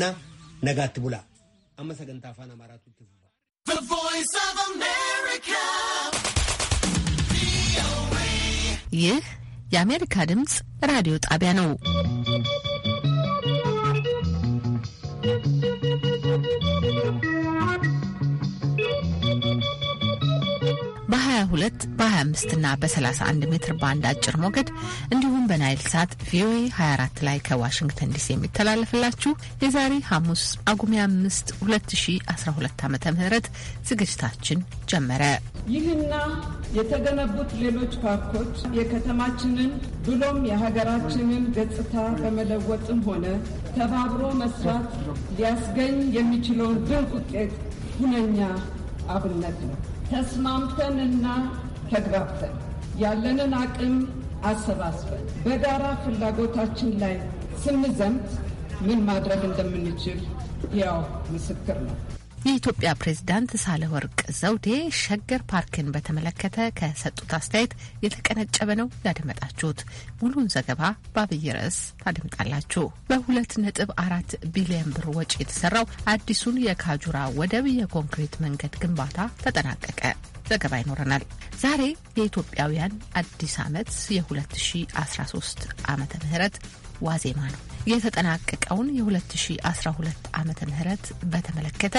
ና ነጋት ቡላ አመሰገንታ አፋን አማራቱ ይህ የአሜሪካ ድምፅ ራዲዮ ጣቢያ ነው። በ22 በ25 እና በ31 ሜትር ባንድ አጭር ሞገድ እንዲሁም በናይል ሳት ቪኦኤ 24 ላይ ከዋሽንግተን ዲሲ የሚተላለፍላችሁ የዛሬ ሐሙስ ጳጉሜ 5 2012 ዓ ም ዝግጅታችን ጀመረ። ይህና የተገነቡት ሌሎች ፓርኮች የከተማችንን ብሎም የሀገራችንን ገጽታ በመለወጥም ሆነ ተባብሮ መስራት ሊያስገኝ የሚችለውን ድንቅ ውጤት ሁነኛ አብነት ነው። ተስማምተንና ተግባብተን ያለንን አቅም አሰባስበን በጋራ ፍላጎታችን ላይ ስንዘምት ምን ማድረግ እንደምንችል ያው ምስክር ነው። የኢትዮጵያ ፕሬዝዳንት ሳህለወርቅ ዘውዴ ሸገር ፓርክን በተመለከተ ከሰጡት አስተያየት የተቀነጨበ ነው ያደመጣችሁት። ሙሉን ዘገባ በአብይ ርዕስ ታደምጣላችሁ። በሁለት ነጥብ አራት ቢሊዮን ብር ወጪ የተሰራው አዲሱን የካጁራ ወደብ የኮንክሪት መንገድ ግንባታ ተጠናቀቀ። ዘገባ ይኖረናል። ዛሬ የኢትዮጵያውያን አዲስ ዓመት የ2013 ዓመተ ምህረት ዋዜማ ነው። የተጠናቀቀውን የ2012 ዓመተ ምህረት በተመለከተ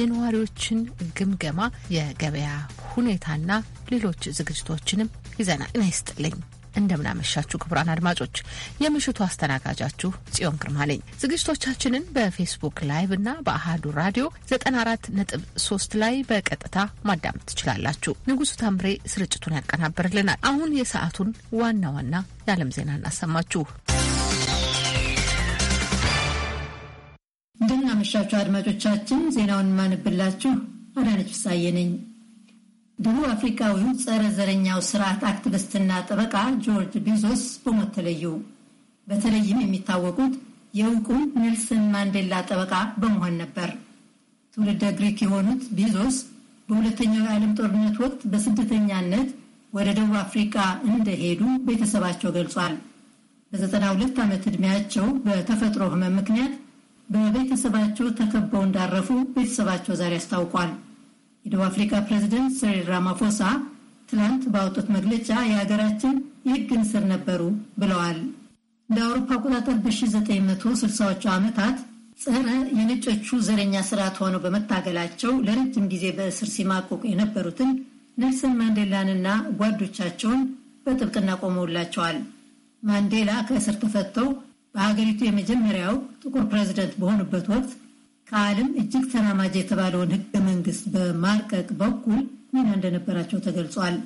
የነዋሪዎችን ግምገማ፣ የገበያ ሁኔታና ሌሎች ዝግጅቶችንም ይዘናል። ጤና ይስጥልኝ። እንደምናመሻችሁ ክቡራን አድማጮች፣ የምሽቱ አስተናጋጃችሁ ጽዮን ግርማ ነኝ። ዝግጅቶቻችንን በፌስቡክ ላይቭ እና በአህዱ ራዲዮ 94.3 ላይ በቀጥታ ማዳመጥ ትችላላችሁ። ንጉሱ ታምሬ ስርጭቱን ያቀናብርልናል። አሁን የሰዓቱን ዋና ዋና የዓለም ዜና እናሰማችሁ። እንደምናመሻችሁ አድማጮቻችን፣ ዜናውን ማንብላችሁ አዳነች ፍሳዬ ነኝ። ደቡብ አፍሪካዊው ጸረ ዘረኛው ስርዓት አክቲቪስትና ጠበቃ ጆርጅ ቢዞስ በሞት ተለዩ። በተለይም የሚታወቁት የእውቁን ኔልሰን ማንዴላ ጠበቃ በመሆን ነበር። ትውልደ ግሪክ የሆኑት ቢዞስ በሁለተኛው የዓለም ጦርነት ወቅት በስደተኛነት ወደ ደቡብ አፍሪካ እንደሄዱ ቤተሰባቸው ገልጿል። በ92 ዓመት ዕድሜያቸው በተፈጥሮ ህመም ምክንያት በቤተሰባቸው ተከበው እንዳረፉ ቤተሰባቸው ዛሬ አስታውቋል። የደቡብ አፍሪካ ፕሬዚደንት ሰሪል ራማፎሳ ትላንት ባወጡት መግለጫ የሀገራችን የህግን ስር ነበሩ ብለዋል። እንደ አውሮፓ አቆጣጠር በ1960ዎቹ ዓመታት ጸረ የነጮቹ ዘረኛ ስርዓት ሆነው በመታገላቸው ለረጅም ጊዜ በእስር ሲማቀቁ የነበሩትን ኔልሰን ማንዴላንና ጓዶቻቸውን በጥብቅና ቆመውላቸዋል። ማንዴላ ከእስር ተፈተው በሀገሪቱ የመጀመሪያው ጥቁር ፕሬዝደንት በሆኑበት ወቅት ከዓለም እጅግ ተራማጅ የተባለውን ህገ መንግስት በማርቀቅ በኩል ሚና እንደነበራቸው ተገልጿል።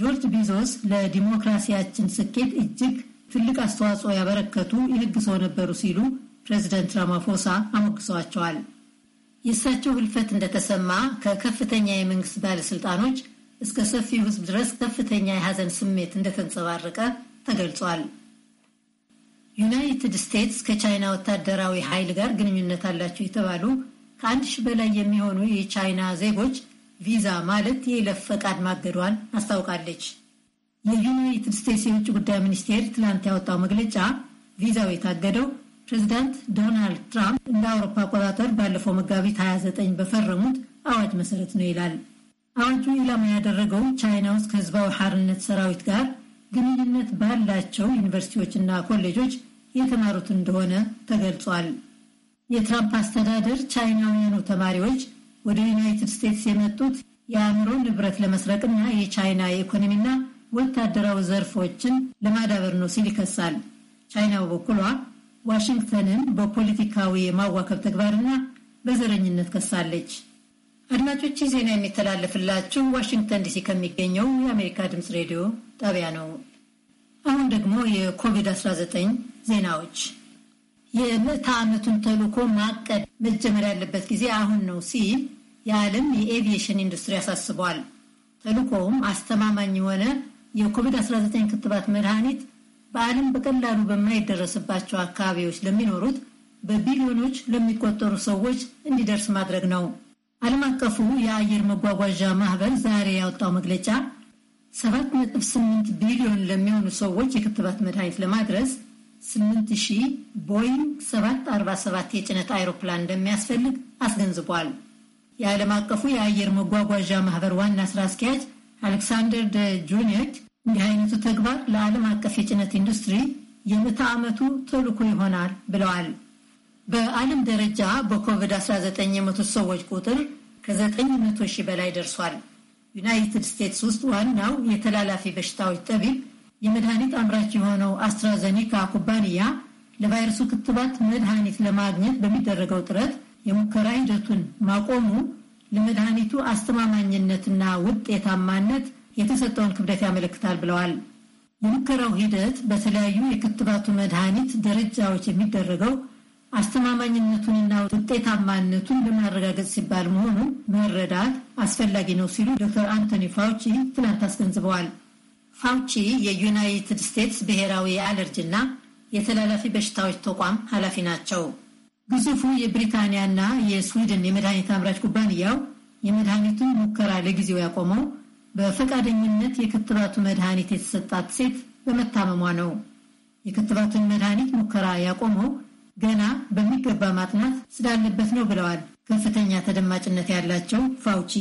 ጆርጅ ቢዞስ ለዲሞክራሲያችን ስኬት እጅግ ትልቅ አስተዋጽኦ ያበረከቱ የህግ ሰው ነበሩ ሲሉ ፕሬዚደንት ራማፎሳ አሞግሰዋቸዋል። የእሳቸው ህልፈት እንደተሰማ ከከፍተኛ የመንግስት ባለስልጣኖች እስከ ሰፊው ህዝብ ድረስ ከፍተኛ የሐዘን ስሜት እንደተንጸባረቀ ተገልጿል። ዩናይትድ ስቴትስ ከቻይና ወታደራዊ ኃይል ጋር ግንኙነት አላቸው የተባሉ ከአንድ ሺህ በላይ የሚሆኑ የቻይና ዜጎች ቪዛ ማለት የይለፍ ፈቃድ ማገዷን አስታውቃለች። የዩናይትድ ስቴትስ የውጭ ጉዳይ ሚኒስቴር ትላንት ያወጣው መግለጫ ቪዛው የታገደው ፕሬዚዳንት ዶናልድ ትራምፕ እንደ አውሮፓ አቆጣጠር ባለፈው መጋቢት 29 በፈረሙት አዋጅ መሰረት ነው ይላል። አዋጁ ኢላማ ያደረገው ቻይና ውስጥ ከህዝባዊ ሐርነት ሰራዊት ጋር ግንኙነት ባላቸው ዩኒቨርሲቲዎችና ኮሌጆች የተማሩት እንደሆነ ተገልጿል። የትራምፕ አስተዳደር ቻይናውያኑ ተማሪዎች ወደ ዩናይትድ ስቴትስ የመጡት የአእምሮ ንብረት ለመስረቅና የቻይና የኢኮኖሚና ወታደራዊ ዘርፎችን ለማዳበር ነው ሲል ይከሳል። ቻይና በበኩሏ ዋሽንግተንን በፖለቲካዊ የማዋከብ ተግባርና በዘረኝነት ከሳለች። አድማጮች፣ ዜና የሚተላለፍላችሁ ዋሽንግተን ዲሲ ከሚገኘው የአሜሪካ ድምፅ ሬዲዮ ጣቢያ ነው። አሁን ደግሞ የኮቪድ-19 ዜናዎች የምዕተ ዓመቱን ተልኮ ማቀድ መጀመር ያለበት ጊዜ አሁን ነው ሲል የዓለም የኤቪየሽን ኢንዱስትሪ አሳስቧል። ተልዕኮውም አስተማማኝ የሆነ የኮቪድ-19 ክትባት መድኃኒት በዓለም በቀላሉ በማይደረስባቸው አካባቢዎች ለሚኖሩት በቢሊዮኖች ለሚቆጠሩ ሰዎች እንዲደርስ ማድረግ ነው። ዓለም አቀፉ የአየር መጓጓዣ ማህበር ዛሬ ያወጣው መግለጫ 7.8 ቢሊዮን ለሚሆኑ ሰዎች የክትባት መድኃኒት ለማድረስ 8000 ቦይንግ 747 የጭነት አይሮፕላን እንደሚያስፈልግ አስገንዝቧል። የዓለም አቀፉ የአየር መጓጓዣ ማህበር ዋና ስራ አስኪያጅ አሌክሳንደር ደ ጁኒየት እንዲህ አይነቱ ተግባር ለዓለም አቀፍ የጭነት ኢንዱስትሪ የምዕተ ዓመቱ ተልዕኮ ይሆናል ብለዋል። በዓለም ደረጃ በኮቪድ-19 የሞቱት ሰዎች ቁጥር ከ900 ሺህ በላይ ደርሷል። ዩናይትድ ስቴትስ ውስጥ ዋናው የተላላፊ በሽታዎች ጠቢብ የመድኃኒት አምራች የሆነው አስትራዘኒካ ኩባንያ ለቫይረሱ ክትባት መድኃኒት ለማግኘት በሚደረገው ጥረት የሙከራ ሂደቱን ማቆሙ ለመድኃኒቱ አስተማማኝነትና ውጤታማነት የተሰጠውን ክብደት ያመለክታል ብለዋል። የሙከራው ሂደት በተለያዩ የክትባቱ መድኃኒት ደረጃዎች የሚደረገው አስተማማኝነቱንና ውጤታማነቱን ለማረጋገጥ ሲባል መሆኑን መረዳት አስፈላጊ ነው ሲሉ ዶክተር አንቶኒ ፋውቺ ትናንት አስገንዝበዋል። ፋውቺ የዩናይትድ ስቴትስ ብሔራዊ የአለርጂና የተላላፊ በሽታዎች ተቋም ኃላፊ ናቸው። ግዙፉ የብሪታንያና የስዊድን የመድኃኒት አምራች ኩባንያው የመድኃኒቱን ሙከራ ለጊዜው ያቆመው በፈቃደኝነት የክትባቱ መድኃኒት የተሰጣት ሴት በመታመሟ ነው። የክትባቱን መድኃኒት ሙከራ ያቆመው ገና በሚገባ ማጥናት ስላለበት ነው ብለዋል ከፍተኛ ተደማጭነት ያላቸው ፋውቺ።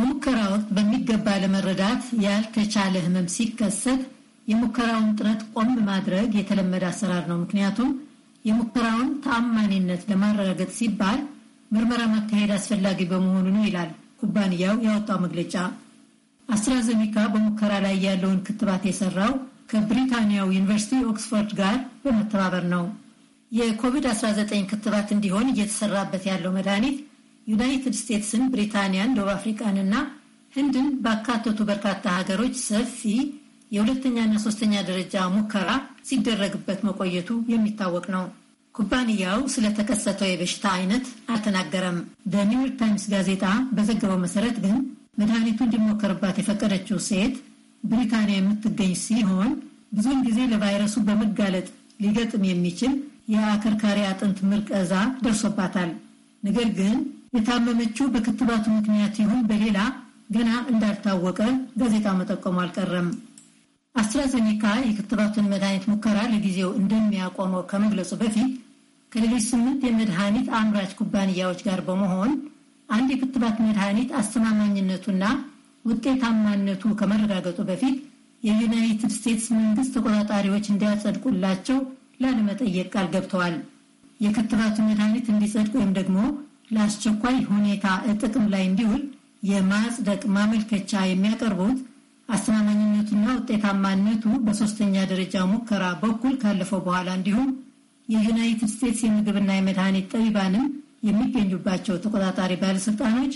ሙከራ ወቅት በሚገባ ለመረዳት ያልተቻለ ህመም ሲከሰት የሙከራውን ጥረት ቆም ማድረግ የተለመደ አሰራር ነው። ምክንያቱም የሙከራውን ተአማኒነት ለማረጋገጥ ሲባል ምርመራ ማካሄድ አስፈላጊ በመሆኑ ነው ይላል ኩባንያው ያወጣው መግለጫ። አስትራዘኒካ በሙከራ ላይ ያለውን ክትባት የሰራው ከብሪታንያው ዩኒቨርሲቲ ኦክስፎርድ ጋር በመተባበር ነው። የኮቪድ-19 ክትባት እንዲሆን እየተሰራበት ያለው መድኃኒት ዩናይትድ ስቴትስን፣ ብሪታንያን፣ ደቡብ ና ህንድን ባካተቱ በርካታ ሀገሮች ሰፊ የሁለተኛና ሶስተኛ ደረጃ ሙከራ ሲደረግበት መቆየቱ የሚታወቅ ነው። ኩባንያው ስለተከሰተው የበሽታ አይነት አልተናገረም። በኒውዮርክ ታይምስ ጋዜጣ በዘገበው መሰረት ግን መድኃኒቱ እንዲሞከርባት የፈቀደችው ሴት ብሪታንያ የምትገኝ ሲሆን ብዙውን ጊዜ ለቫይረሱ በመጋለጥ ሊገጥም የሚችል የአከርካሪ አጥንት ምርቀዛ ደርሶባታል። ነገር ግን የታመመችው በክትባቱ ምክንያት ይሁን በሌላ ገና እንዳልታወቀ ጋዜጣ መጠቆሙ አልቀረም። አስትራዘኔካ የክትባቱን መድኃኒት ሙከራ ለጊዜው እንደሚያቆመው ከመግለጹ በፊት ከሌሎች ስምንት የመድኃኒት አምራች ኩባንያዎች ጋር በመሆን አንድ የክትባት መድኃኒት አስተማማኝነቱና ውጤታማነቱ ከመረጋገጡ በፊት የዩናይትድ ስቴትስ መንግስት ተቆጣጣሪዎች እንዲያጸድቁላቸው ላለመጠየቅ ቃል ገብተዋል። የክትባቱ መድኃኒት እንዲጸድቅ ወይም ደግሞ ለአስቸኳይ ሁኔታ ጥቅም ላይ እንዲውል የማጽደቅ ማመልከቻ የሚያቀርቡት አስተማማኝነቱና ውጤታማነቱ በሶስተኛ ደረጃ ሙከራ በኩል ካለፈው በኋላ እንዲሁም የዩናይትድ ስቴትስ የምግብና የመድኃኒት ጠቢባንም የሚገኙባቸው ተቆጣጣሪ ባለሥልጣኖች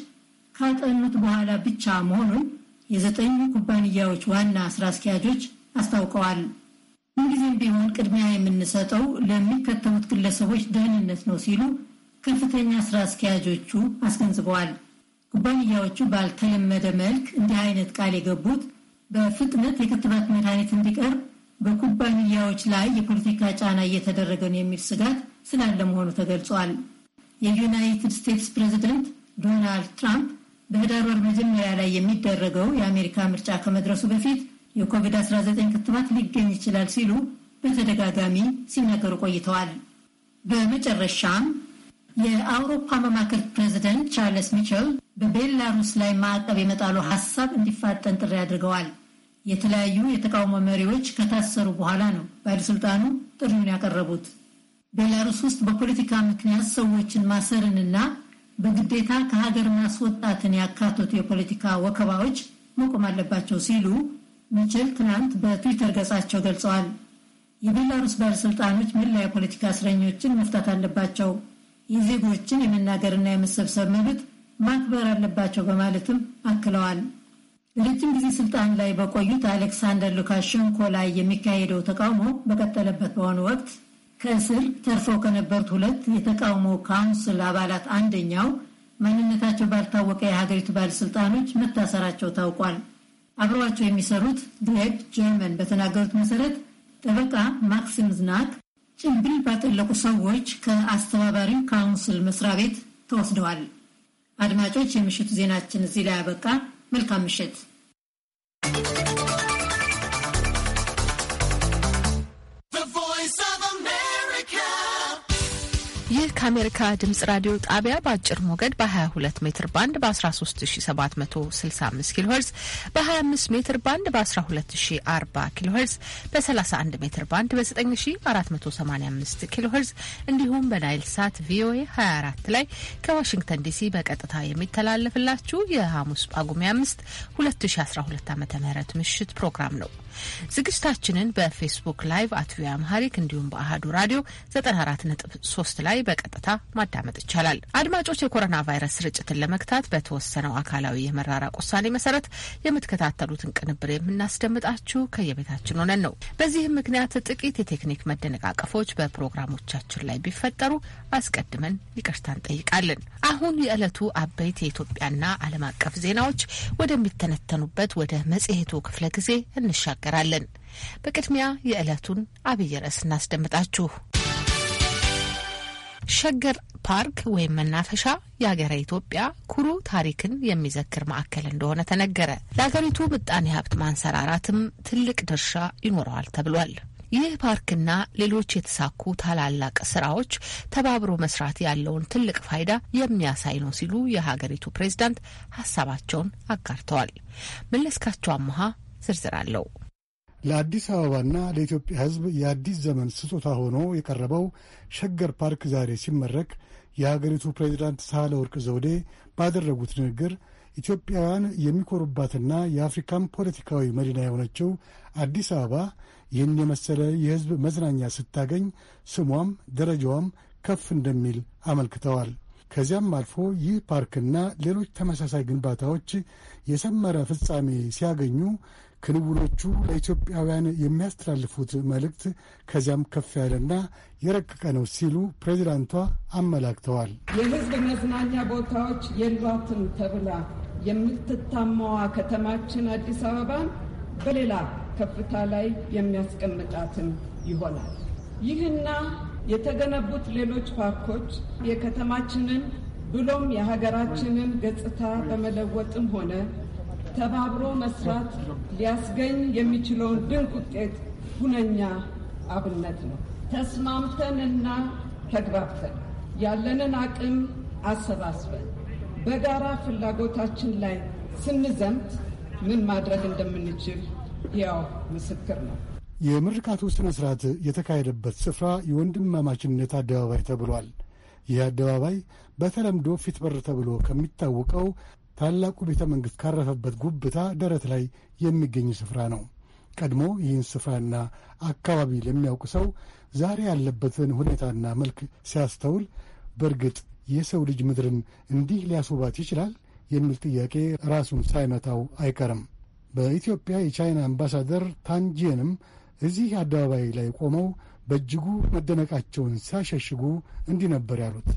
ካጠኑት በኋላ ብቻ መሆኑን የዘጠኙ ኩባንያዎች ዋና ስራ አስኪያጆች አስታውቀዋል። ምንጊዜም ቢሆን ቅድሚያ የምንሰጠው ለሚከተሙት ግለሰቦች ደህንነት ነው ሲሉ ከፍተኛ ስራ አስኪያጆቹ አስገንዝበዋል። ኩባንያዎቹ ባልተለመደ መልክ እንዲህ አይነት ቃል የገቡት በፍጥነት የክትባት መድኃኒት እንዲቀርብ በኩባንያዎች ላይ የፖለቲካ ጫና እየተደረገ ነው የሚል ስጋት ስላለ መሆኑ ተገልጿል። የዩናይትድ ስቴትስ ፕሬዚደንት ዶናልድ ትራምፕ በህዳር ወር መጀመሪያ ላይ የሚደረገው የአሜሪካ ምርጫ ከመድረሱ በፊት የኮቪድ-19 ክትባት ሊገኝ ይችላል ሲሉ በተደጋጋሚ ሲናገሩ ቆይተዋል። በመጨረሻም የአውሮፓ መማክርት ፕሬዚደንት ቻርልስ ሚቸል በቤላሩስ ላይ ማዕቀብ የመጣሉ ሀሳብ እንዲፋጠን ጥሪ አድርገዋል። የተለያዩ የተቃውሞ መሪዎች ከታሰሩ በኋላ ነው ባለስልጣኑ ጥሪውን ያቀረቡት። ቤላሩስ ውስጥ በፖለቲካ ምክንያት ሰዎችን ማሰርንና በግዴታ ከሀገር ማስወጣትን ያካተቱ የፖለቲካ ወከባዎች መቆም አለባቸው ሲሉ ሚችል ትናንት በትዊተር ገጻቸው ገልጸዋል። የቤላሩስ ባለስልጣኖች መላ የፖለቲካ እስረኞችን መፍታት አለባቸው፣ የዜጎችን የመናገርና የመሰብሰብ መብት ማክበር አለባቸው በማለትም አክለዋል። ረጅም ጊዜ ስልጣን ላይ በቆዩት አሌክሳንደር ሉካሸንኮ ላይ የሚካሄደው ተቃውሞ በቀጠለበት በሆነ ወቅት ከእስር ተርፈው ከነበሩት ሁለት የተቃውሞ ካውንስል አባላት አንደኛው ማንነታቸው ባልታወቀ የሀገሪቱ ባለስልጣኖች መታሰራቸው ታውቋል። አብረዋቸው የሚሰሩት ግሬግ ጀርመን በተናገሩት መሰረት ጠበቃ ማክሲም ዝናክ ጭንብል ባጠለቁ ሰዎች ከአስተባባሪው ካውንስል መስሪያ ቤት ተወስደዋል። አድማጮች፣ የምሽቱ ዜናችን እዚህ ላይ ያበቃ። መልካም ምሽት። ይህ ከአሜሪካ ድምጽ ራዲዮ ጣቢያ በአጭር ሞገድ በ22 ሜትር ባንድ በ13765 ኪሎ ሄርዝ በ25 ሜትር ባንድ በ1240 ኪሎ ሄርዝ በ31 ሜትር ባንድ በ9485 ኪሎ ሄርዝ እንዲሁም በናይል ሳት ቪኦኤ 24 ላይ ከዋሽንግተን ዲሲ በቀጥታ የሚተላለፍላችሁ የሐሙስ ጳጉሜ 5 2012 ዓ ም ምሽት ፕሮግራም ነው። ዝግጅታችንን በፌስቡክ ላይቭ አት ቪኦኤ አምሃሪክ እንዲሁም በአህዱ ራዲዮ 94.3 ላይ በቀጥታ ማዳመጥ ይቻላል። አድማጮች፣ የኮሮና ቫይረስ ስርጭትን ለመግታት በተወሰነው አካላዊ የመራራቅ ውሳኔ መሰረት የምትከታተሉትን ቅንብር የምናስደምጣችሁ ከየቤታችን ሆነን ነው። በዚህም ምክንያት ጥቂት የቴክኒክ መደነቃቀፎች በፕሮግራሞቻችን ላይ ቢፈጠሩ አስቀድመን ይቅርታ እንጠይቃለን። አሁን የዕለቱ አበይት የኢትዮጵያና ዓለም አቀፍ ዜናዎች ወደሚተነተኑበት ወደ መጽሔቱ ክፍለ ጊዜ እንሻገራለን። በቅድሚያ የዕለቱን አብይ ርዕስ እናስደምጣችሁ። ሸገር ፓርክ ወይም መናፈሻ የሀገረ ኢትዮጵያ ኩሩ ታሪክን የሚዘክር ማዕከል እንደሆነ ተነገረ። ለሀገሪቱ ምጣኔ ሀብት ማንሰራራትም ትልቅ ድርሻ ይኖረዋል ተብሏል። ይህ ፓርክና ሌሎች የተሳኩ ታላላቅ ስራዎች ተባብሮ መስራት ያለውን ትልቅ ፋይዳ የሚያሳይ ነው ሲሉ የሀገሪቱ ፕሬዝዳንት ሀሳባቸውን አጋርተዋል። መለስካቸው አመሃ ዝርዝር አለው። ለአዲስ አበባና ለኢትዮጵያ ሕዝብ የአዲስ ዘመን ስጦታ ሆኖ የቀረበው ሸገር ፓርክ ዛሬ ሲመረቅ የሀገሪቱ ፕሬዚዳንት ሳህለወርቅ ዘውዴ ባደረጉት ንግግር ኢትዮጵያውያን የሚኮሩባትና የአፍሪካም ፖለቲካዊ መዲና የሆነችው አዲስ አበባ ይህን የመሰለ የህዝብ መዝናኛ ስታገኝ ስሟም ደረጃዋም ከፍ እንደሚል አመልክተዋል። ከዚያም አልፎ ይህ ፓርክና ሌሎች ተመሳሳይ ግንባታዎች የሰመረ ፍጻሜ ሲያገኙ ክንውኖቹ ለኢትዮጵያውያን የሚያስተላልፉት መልእክት ከዚያም ከፍ ያለና የረቀቀ ነው ሲሉ ፕሬዚዳንቷ አመላክተዋል። የህዝብ መዝናኛ ቦታዎች የሏትም ተብላ የምትታማዋ ከተማችን አዲስ አበባን በሌላ ከፍታ ላይ የሚያስቀምጣትም ይሆናል። ይህና የተገነቡት ሌሎች ፓርኮች የከተማችንን ብሎም የሀገራችንን ገጽታ በመለወጥም ሆነ ተባብሮ መስራት ሊያስገኝ የሚችለውን ድንቅ ውጤት ሁነኛ አብነት ነው። ተስማምተንና ተግባብተን ያለንን አቅም አሰባስበን በጋራ ፍላጎታችን ላይ ስንዘምት ምን ማድረግ እንደምንችል ያው ምስክር ነው። የምርቃቱ ስነ ስርዓት የተካሄደበት ስፍራ የወንድማማችነት አደባባይ ተብሏል። ይህ አደባባይ በተለምዶ ፊት በር ተብሎ ከሚታወቀው ታላቁ ቤተ መንግሥት ካረፈበት ጉብታ ደረት ላይ የሚገኝ ስፍራ ነው። ቀድሞ ይህን ስፍራና አካባቢ ለሚያውቅ ሰው ዛሬ ያለበትን ሁኔታና መልክ ሲያስተውል በእርግጥ የሰው ልጅ ምድርን እንዲህ ሊያስውባት ይችላል የሚል ጥያቄ ራሱን ሳይመታው አይቀርም። በኢትዮጵያ የቻይና አምባሳደር ታንጂንም እዚህ አደባባይ ላይ ቆመው በእጅጉ መደነቃቸውን ሳይሸሽጉ እንዲህ ነበር ያሉት።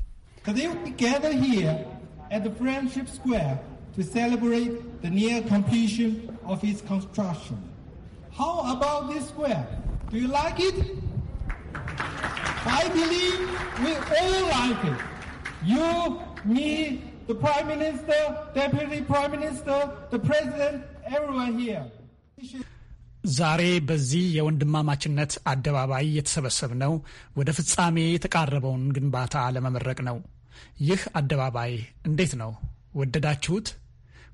You, me, the Prime Minister, Deputy Prime Minister, the President, ዛሬ በዚህ የወንድማማችነት አደባባይ ነው። ወደ ፍጻሜ የተቃረበውን ግንባታ ለመመረቅ ነው። ይህ አደባባይ እንዴት ነው? ወደዳችሁት?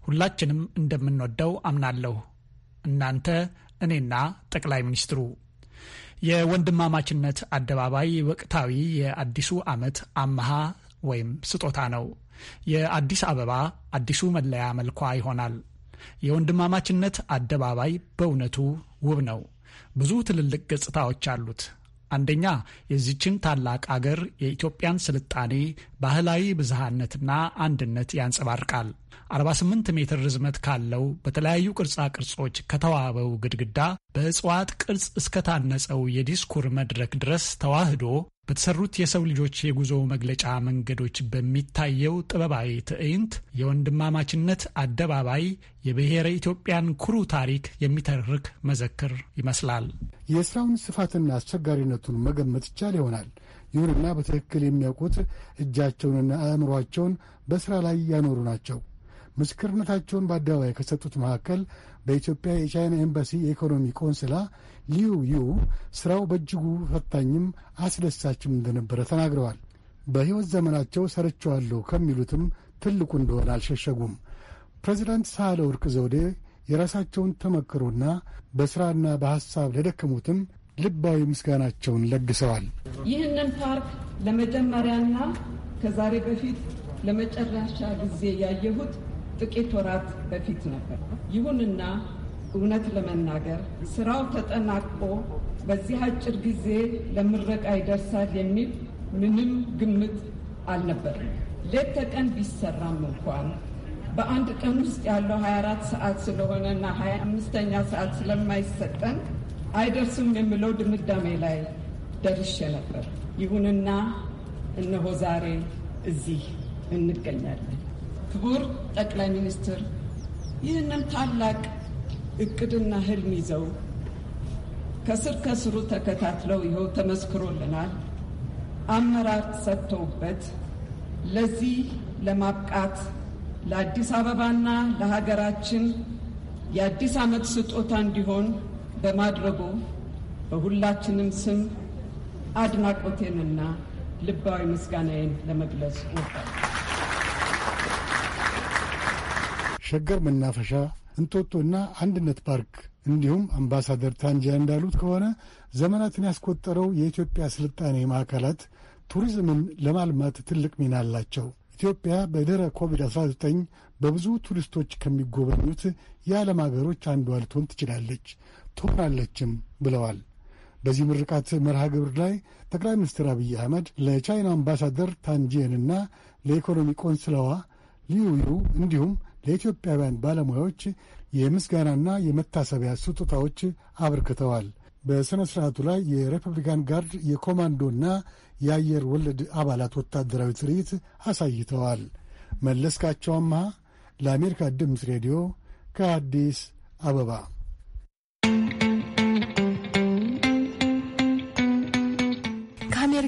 ሁላችንም እንደምንወደው አምናለሁ። እናንተ፣ እኔና ጠቅላይ ሚኒስትሩ። የወንድማማችነት አደባባይ ወቅታዊ የአዲሱ ዓመት አመሃ ወይም ስጦታ ነው። የአዲስ አበባ አዲሱ መለያ መልኳ ይሆናል። የወንድማማችነት አደባባይ በእውነቱ ውብ ነው። ብዙ ትልልቅ ገጽታዎች አሉት። አንደኛ የዚችን ታላቅ አገር የኢትዮጵያን ስልጣኔ፣ ባህላዊ ብዝሃነትና አንድነት ያንጸባርቃል። 48 ሜትር ርዝመት ካለው በተለያዩ ቅርጻ ቅርጾች ከተዋበው ግድግዳ በእጽዋት ቅርጽ እስከታነጸው የዲስኩር መድረክ ድረስ ተዋህዶ በተሰሩት የሰው ልጆች የጉዞ መግለጫ መንገዶች በሚታየው ጥበባዊ ትዕይንት የወንድማማችነት አደባባይ የብሔረ ኢትዮጵያን ኩሩ ታሪክ የሚተርክ መዘክር ይመስላል። የስራውን ስፋትና አስቸጋሪነቱን መገመት ይቻል ይሆናል። ይሁንና በትክክል የሚያውቁት እጃቸውንና አእምሯቸውን በስራ ላይ ያኖሩ ናቸው። ምስክርነታቸውን በአደባባይ ከሰጡት መካከል በኢትዮጵያ የቻይና ኤምባሲ የኢኮኖሚ ቆንስላ ሊዩ ዩ ስራው በእጅጉ ፈታኝም አስደሳችም እንደነበረ ተናግረዋል። በሕይወት ዘመናቸው ሰርቸዋለሁ ከሚሉትም ትልቁ እንደሆነ አልሸሸጉም። ፕሬዚዳንት ሳህለ ወርቅ ዘውዴ የራሳቸውን ተመክሮና በሥራና በሐሳብ ለደከሙትም ልባዊ ምስጋናቸውን ለግሰዋል። ይህንን ፓርክ ለመጀመሪያና ከዛሬ በፊት ለመጨረሻ ጊዜ ያየሁት ጥቂት ወራት በፊት ነበር። ይሁንና እውነት ለመናገር ስራው ተጠናቆ በዚህ አጭር ጊዜ ለምረቃ ይደርሳል የሚል ምንም ግምት አልነበርም። ሌት ተቀን ቢሰራም እንኳን በአንድ ቀን ውስጥ ያለው 24 ሰዓት ስለሆነ እና 25ኛ ሰዓት ስለማይሰጠን አይደርስም የምለው ድምዳሜ ላይ ደርሼ ነበር። ይሁንና እነሆ ዛሬ እዚህ እንገኛለን። ክቡር ጠቅላይ ሚኒስትር ይህንን ታላቅ እቅድና ህልም ይዘው ከስር ከስሩ ተከታትለው ይኸው ተመስክሮልናል፣ አመራር ሰጥተውበት ለዚህ ለማብቃት ለአዲስ አበባና ለሀገራችን የአዲስ ዓመት ስጦታ እንዲሆን በማድረጉ በሁላችንም ስም አድናቆቴንና ልባዊ ምስጋናዬን ለመግለጽ ወዳል። ሸገር መናፈሻ፣ እና አንድነት ፓርክ እንዲሁም አምባሳደር ታንጂያ እንዳሉት ከሆነ ዘመናትን ያስቆጠረው የኢትዮጵያ ስልጣኔ ማዕከላት ቱሪዝምን ለማልማት ትልቅ ሚና አላቸው። ኢትዮጵያ በድህረ ኮቪድ-19 በብዙ ቱሪስቶች ከሚጎበኙት የዓለም አገሮች አንዷ ልትሆን ትችላለች፣ ትሆናለችም ብለዋል። በዚህ ምርቃት መርሃ ግብር ላይ ጠቅላይ ሚኒስትር አብይ አህመድ ለቻይና አምባሳደር ታንጂየንና ለኢኮኖሚ ቆንስላዋ ሊዩዩ እንዲሁም ለኢትዮጵያውያን ባለሙያዎች የምስጋናና የመታሰቢያ ስጦታዎች አበርክተዋል። በሥነ ሥርዓቱ ላይ የሪፐብሊካን ጋርድ የኮማንዶና የአየር ወለድ አባላት ወታደራዊ ትርኢት አሳይተዋል። መለስካቸው አምሃ ለአሜሪካ ድምፅ ሬዲዮ ከአዲስ አበባ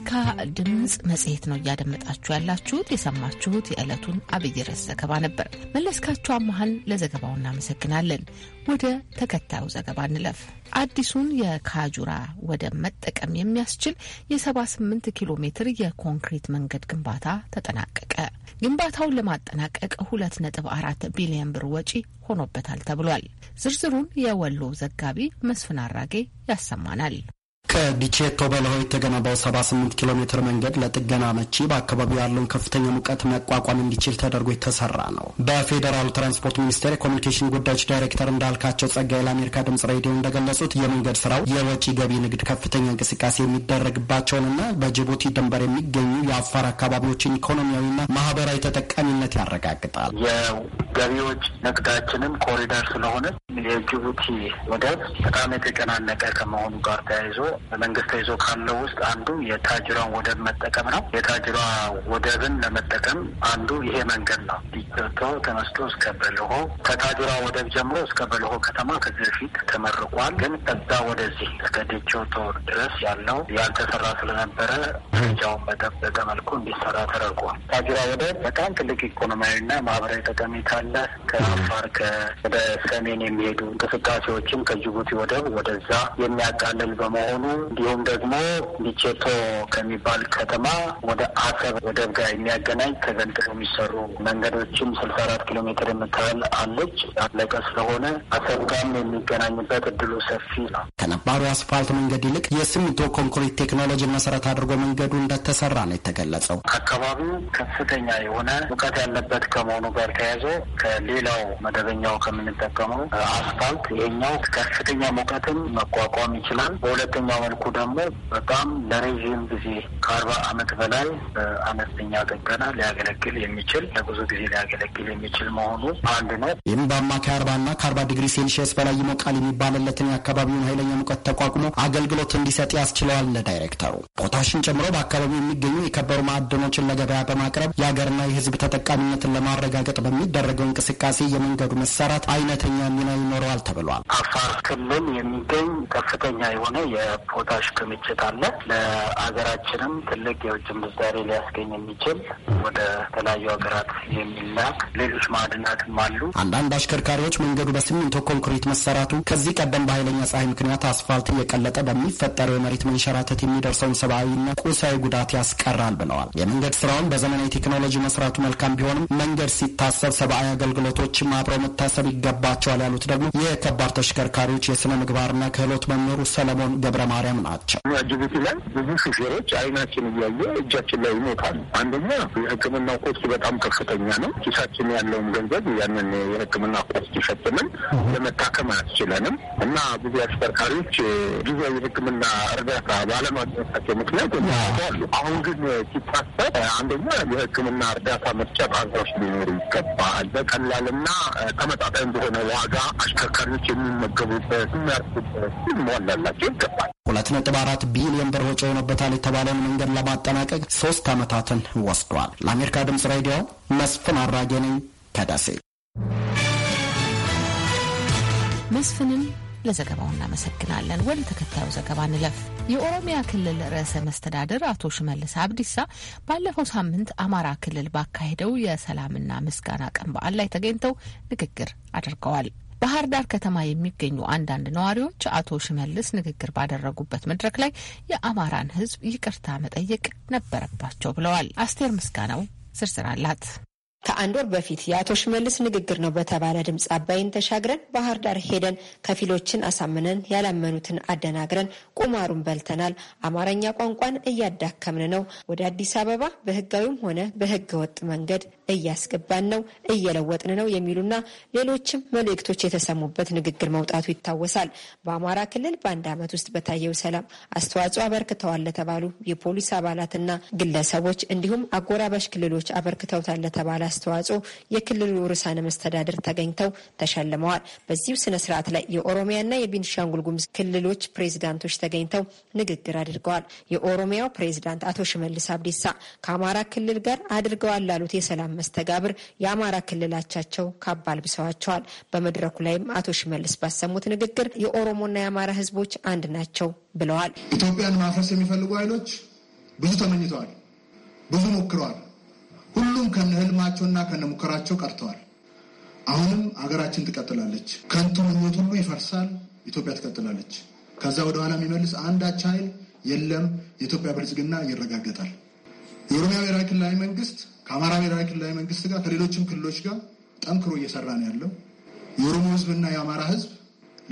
የአሜሪካ ድምፅ መጽሔት ነው እያደመጣችሁ ያላችሁት። የሰማችሁት የዕለቱን አብይ ርዕስ ዘገባ ነበር። መለስካቸው አመሀን ለዘገባው እናመሰግናለን። ወደ ተከታዩ ዘገባ እንለፍ። አዲሱን የካጁራ ወደ መጠቀም የሚያስችል የ78 ኪሎ ሜትር የኮንክሪት መንገድ ግንባታ ተጠናቀቀ። ግንባታውን ለማጠናቀቅ 2.4 ቢሊዮን ብር ወጪ ሆኖበታል ተብሏል። ዝርዝሩን የወሎ ዘጋቢ መስፍን አራጌ ያሰማናል። ከዲቼቶ በለሆይ የተገነባው 78 ኪሎ ሜትር መንገድ ለጥገና መቺ በአካባቢው ያለውን ከፍተኛ ሙቀት መቋቋም እንዲችል ተደርጎ የተሰራ ነው። በፌዴራሉ ትራንስፖርት ሚኒስቴር የኮሚኒኬሽን ጉዳዮች ዳይሬክተር እንዳልካቸው ጸጋይ ለአሜሪካ ድምጽ ሬዲዮ እንደገለጹት የመንገድ ስራው የወጪ ገቢ ንግድ ከፍተኛ እንቅስቃሴ የሚደረግባቸውንና በጅቡቲ ድንበር የሚገኙ የአፋር አካባቢዎችን ኢኮኖሚያዊና ማህበራዊ ተጠቃሚነት ያረጋግጣል። የገቢዎች ንግዳችንም ኮሪደር ስለሆነ የጅቡቲ ወደብ በጣም የተጨናነቀ ከመሆኑ ጋር ተያይዞ መንግስት ተይዞ ካለው ውስጥ አንዱ የታጅሯን ወደብ መጠቀም ነው። የታጅሯ ወደብን ለመጠቀም አንዱ ይሄ መንገድ ነው። ሊቶ ተነስቶ እስከ በልሆ ከታጅሯ ወደብ ጀምሮ እስከ በልሆ ከተማ ከዚህ በፊት ተመርቋል። ግን እዛ ወደዚህ እስከ ዲቾቶ ድረስ ያለው ያልተሰራ ስለነበረ ደረጃውን በጠበቀ መልኩ እንዲሰራ ተደርጓል። ታጅሯ ወደብ በጣም ትልቅ ኢኮኖሚያዊና ማህበራዊ ጠቀሜታ አለ። ከአፋር ወደ ሰሜን የሚሄዱ እንቅስቃሴዎችም ከጅቡቲ ወደብ ወደዛ የሚያቃልል በመሆኑ እንዲሁም ደግሞ ቢቼቶ ከሚባል ከተማ ወደ አሰብ ወደብ ጋር የሚያገናኝ ተገንጥሎ የሚሰሩ መንገዶችም ስልሳ አራት ኪሎ ሜትር የምታህል አለች። ያለቀ ስለሆነ አሰብ ጋርም የሚገናኝበት እድሉ ሰፊ ነው። ከነባሩ የአስፋልት መንገድ ይልቅ የሲሚንቶ ኮንክሪት ቴክኖሎጂ መሰረት አድርጎ መንገዱ እንደተሰራ ነው የተገለጸው። አካባቢው ከፍተኛ የሆነ ሙቀት ያለበት ከመሆኑ ጋር ተያይዞ ከሌላው መደበኛው ከምንጠቀመው አስፋልት ይሄኛው ከፍተኛ ሙቀትን መቋቋም ይችላል። በሁለተኛው መልኩ ደግሞ በጣም ለረዥም ጊዜ ከአርባ ዓመት በላይ በአነስተኛ ጥገና ሊያገለግል የሚችል ለብዙ ጊዜ ሊያገለግል የሚችል መሆኑ አንድ ነው። ይህም በአማካይ አርባና ከአርባ ዲግሪ ሴልሺየስ በላይ ይሞቃል የሚባልለትን የአካባቢውን ኃይለኛ ሙቀት ተቋቁሞ አገልግሎት እንዲሰጥ ያስችለዋል። ለዳይሬክተሩ ፖታሽን ጨምሮ በአካባቢው የሚገኙ የከበሩ ማዕድኖችን ለገበያ በማቅረብ የሀገርና የሕዝብ ተጠቃሚነትን ለማረጋገጥ በሚደረገው እንቅስቃሴ የመንገዱ መሰራት አይነተኛ ሚና ይኖረዋል ተብሏል። አፋር ክልል የሚገኝ ከፍተኛ የሆነ የፖታሽ ክምችት አለ። ለሀገራችንም ትልቅ የውጭ ምንዛሬ ሊያስገኝ የሚችል ወደ ተለያዩ ሀገራት የሚላክ ሌሎች ማዕድናትም አሉ። አንዳንድ አሽከርካሪዎች መንገዱ በሲሚንቶ ኮንክሪት መሰራቱ ከዚህ ቀደም በኃይለኛ ፀሐይ ምክንያት አስፋልት እየቀለጠ በሚፈጠረው የመሬት መንሸራተት የሚደርሰውን ሰብአዊና ቁሳዊ ጉዳት ያስቀራል ብለዋል። የመንገድ ስራውን በዘመናዊ ቴክኖሎጂ መስራቱ መልካም ቢሆንም መንገድ ሲታሰብ ሰብአዊ አገልግሎቶችም አብረው መታሰብ ይገባቸዋል ያሉት ደግሞ የከባድ ተሽከርካሪዎች የስነ ምግባርና ክህሎት መምህሩ ሰለሞን ገብረ ማርያም ናቸው። ጅቡቲ ላይ ብዙ ሹፌሮች አይናችን እያየ እጃችን ላይ ይሞታሉ። አንደኛ የህክምና ኮስት በጣም ከፍተኛ ነው። ኪሳችን ያለውን ገንዘብ ያንን የህክምና ኮስት ይሸጥምን ለመታከም አያስችለንም እና ብዙ አሽከርካሪ ተማሪዎች ጊዜ ሕክምና እርዳታ ባለማግኘታቸው ምክንያት አሉ። አሁን ግን ሲታሰብ አንደኛ የሕክምና እርዳታ መስጫ ባንካዎች ሊኖሩ ይገባል። በቀላልና ተመጣጣኝ በሆነ ዋጋ አሽከርካሪዎች የሚመገቡበት የሚያርሱበት ሟላላቸው ይገባል። ሁለት ነጥብ አራት ቢሊዮን ብር ወጪ ሆኖበታል የተባለውን መንገድ ለማጠናቀቅ ሶስት ዓመታትን ወስዷል። ለአሜሪካ ድምጽ ሬዲዮ መስፍን አራጌ ነኝ ከደሴ መስፍንን ለዘገባው እናመሰግናለን። ወደ ተከታዩ ዘገባ እንለፍ። የኦሮሚያ ክልል ርዕሰ መስተዳድር አቶ ሽመልስ አብዲሳ ባለፈው ሳምንት አማራ ክልል ባካሄደው የሰላምና ምስጋና ቀን በዓል ላይ ተገኝተው ንግግር አድርገዋል። ባህር ዳር ከተማ የሚገኙ አንዳንድ ነዋሪዎች አቶ ሽመልስ ንግግር ባደረጉበት መድረክ ላይ የአማራን ሕዝብ ይቅርታ መጠየቅ ነበረባቸው ብለዋል። አስቴር ምስጋናው ዝርዝር አላት። ከአንድ ወር በፊት የአቶ ሽመልስ ንግግር ነው በተባለ ድምፅ አባይን ተሻግረን ባህር ዳር ሄደን ከፊሎችን አሳምነን ያላመኑትን አደናግረን ቁማሩን በልተናል። አማርኛ ቋንቋን እያዳከምን ነው። ወደ አዲስ አበባ በህጋዊም ሆነ በህገ ወጥ መንገድ እያስገባን ነው፣ እየለወጥን ነው የሚሉና ሌሎችም መልእክቶች የተሰሙበት ንግግር መውጣቱ ይታወሳል። በአማራ ክልል በአንድ ዓመት ውስጥ በታየው ሰላም አስተዋጽኦ አበርክተዋል ለተባሉ የፖሊስ አባላትና ግለሰቦች እንዲሁም አጎራባሽ ክልሎች አበርክተውታል ለተባለ አስተዋጽኦ የክልሉ ርዕሳነ መስተዳድር ተገኝተው ተሸልመዋል። በዚሁ ስነ ስርዓት ላይ የኦሮሚያና የቤንሻንጉል ጉሙዝ ክልሎች ፕሬዚዳንቶች ተገኝተው ንግግር አድርገዋል። የኦሮሚያው ፕሬዚዳንት አቶ ሽመልስ አብዲሳ ከአማራ ክልል ጋር አድርገዋል ላሉት የሰላም መስተጋብር የአማራ ክልላቻቸው ካባ አልብሰዋቸዋል። በመድረኩ ላይም አቶ ሽመልስ ባሰሙት ንግግር የኦሮሞና የአማራ ህዝቦች አንድ ናቸው ብለዋል። ኢትዮጵያን ማፈርስ የሚፈልጉ ኃይሎች ብዙ ተመኝተዋል፣ ብዙ ሞክረዋል። ሁሉም ከነህልማቸውና ከነሙከራቸው ቀርተዋል። አሁንም አገራችን ትቀጥላለች። ከንቱ ምኞት ሁሉ ይፈርሳል። ኢትዮጵያ ትቀጥላለች። ከዛ ወደኋላ የሚመልስ አንዳች ኃይል የለም። የኢትዮጵያ ብልጽግና ይረጋገጣል። የኦሮሚያ ብሔራዊ ክልላዊ መንግስት ከአማራ ብሔራዊ ክልላዊ መንግስት ጋር ከሌሎችም ክልሎች ጋር ጠንክሮ እየሰራ ነው ያለው። የኦሮሞ ህዝብና የአማራ ህዝብ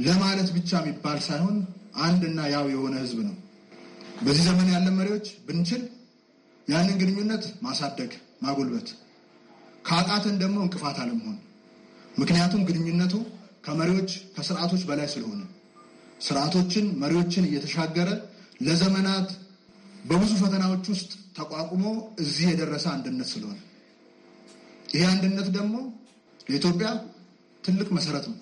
ለማለት ብቻ የሚባል ሳይሆን አንድና ያው የሆነ ህዝብ ነው። በዚህ ዘመን ያለን መሪዎች ብንችል ያንን ግንኙነት ማሳደግ ማጎልበት፣ ካቃተን ደግሞ እንቅፋት አለመሆን። ምክንያቱም ግንኙነቱ ከመሪዎች ከስርዓቶች በላይ ስለሆነ ስርዓቶችን መሪዎችን እየተሻገረ ለዘመናት በብዙ ፈተናዎች ውስጥ ተቋቁሞ እዚህ የደረሰ አንድነት ስለሆነ ይሄ አንድነት ደግሞ ለኢትዮጵያ ትልቅ መሰረት ነው።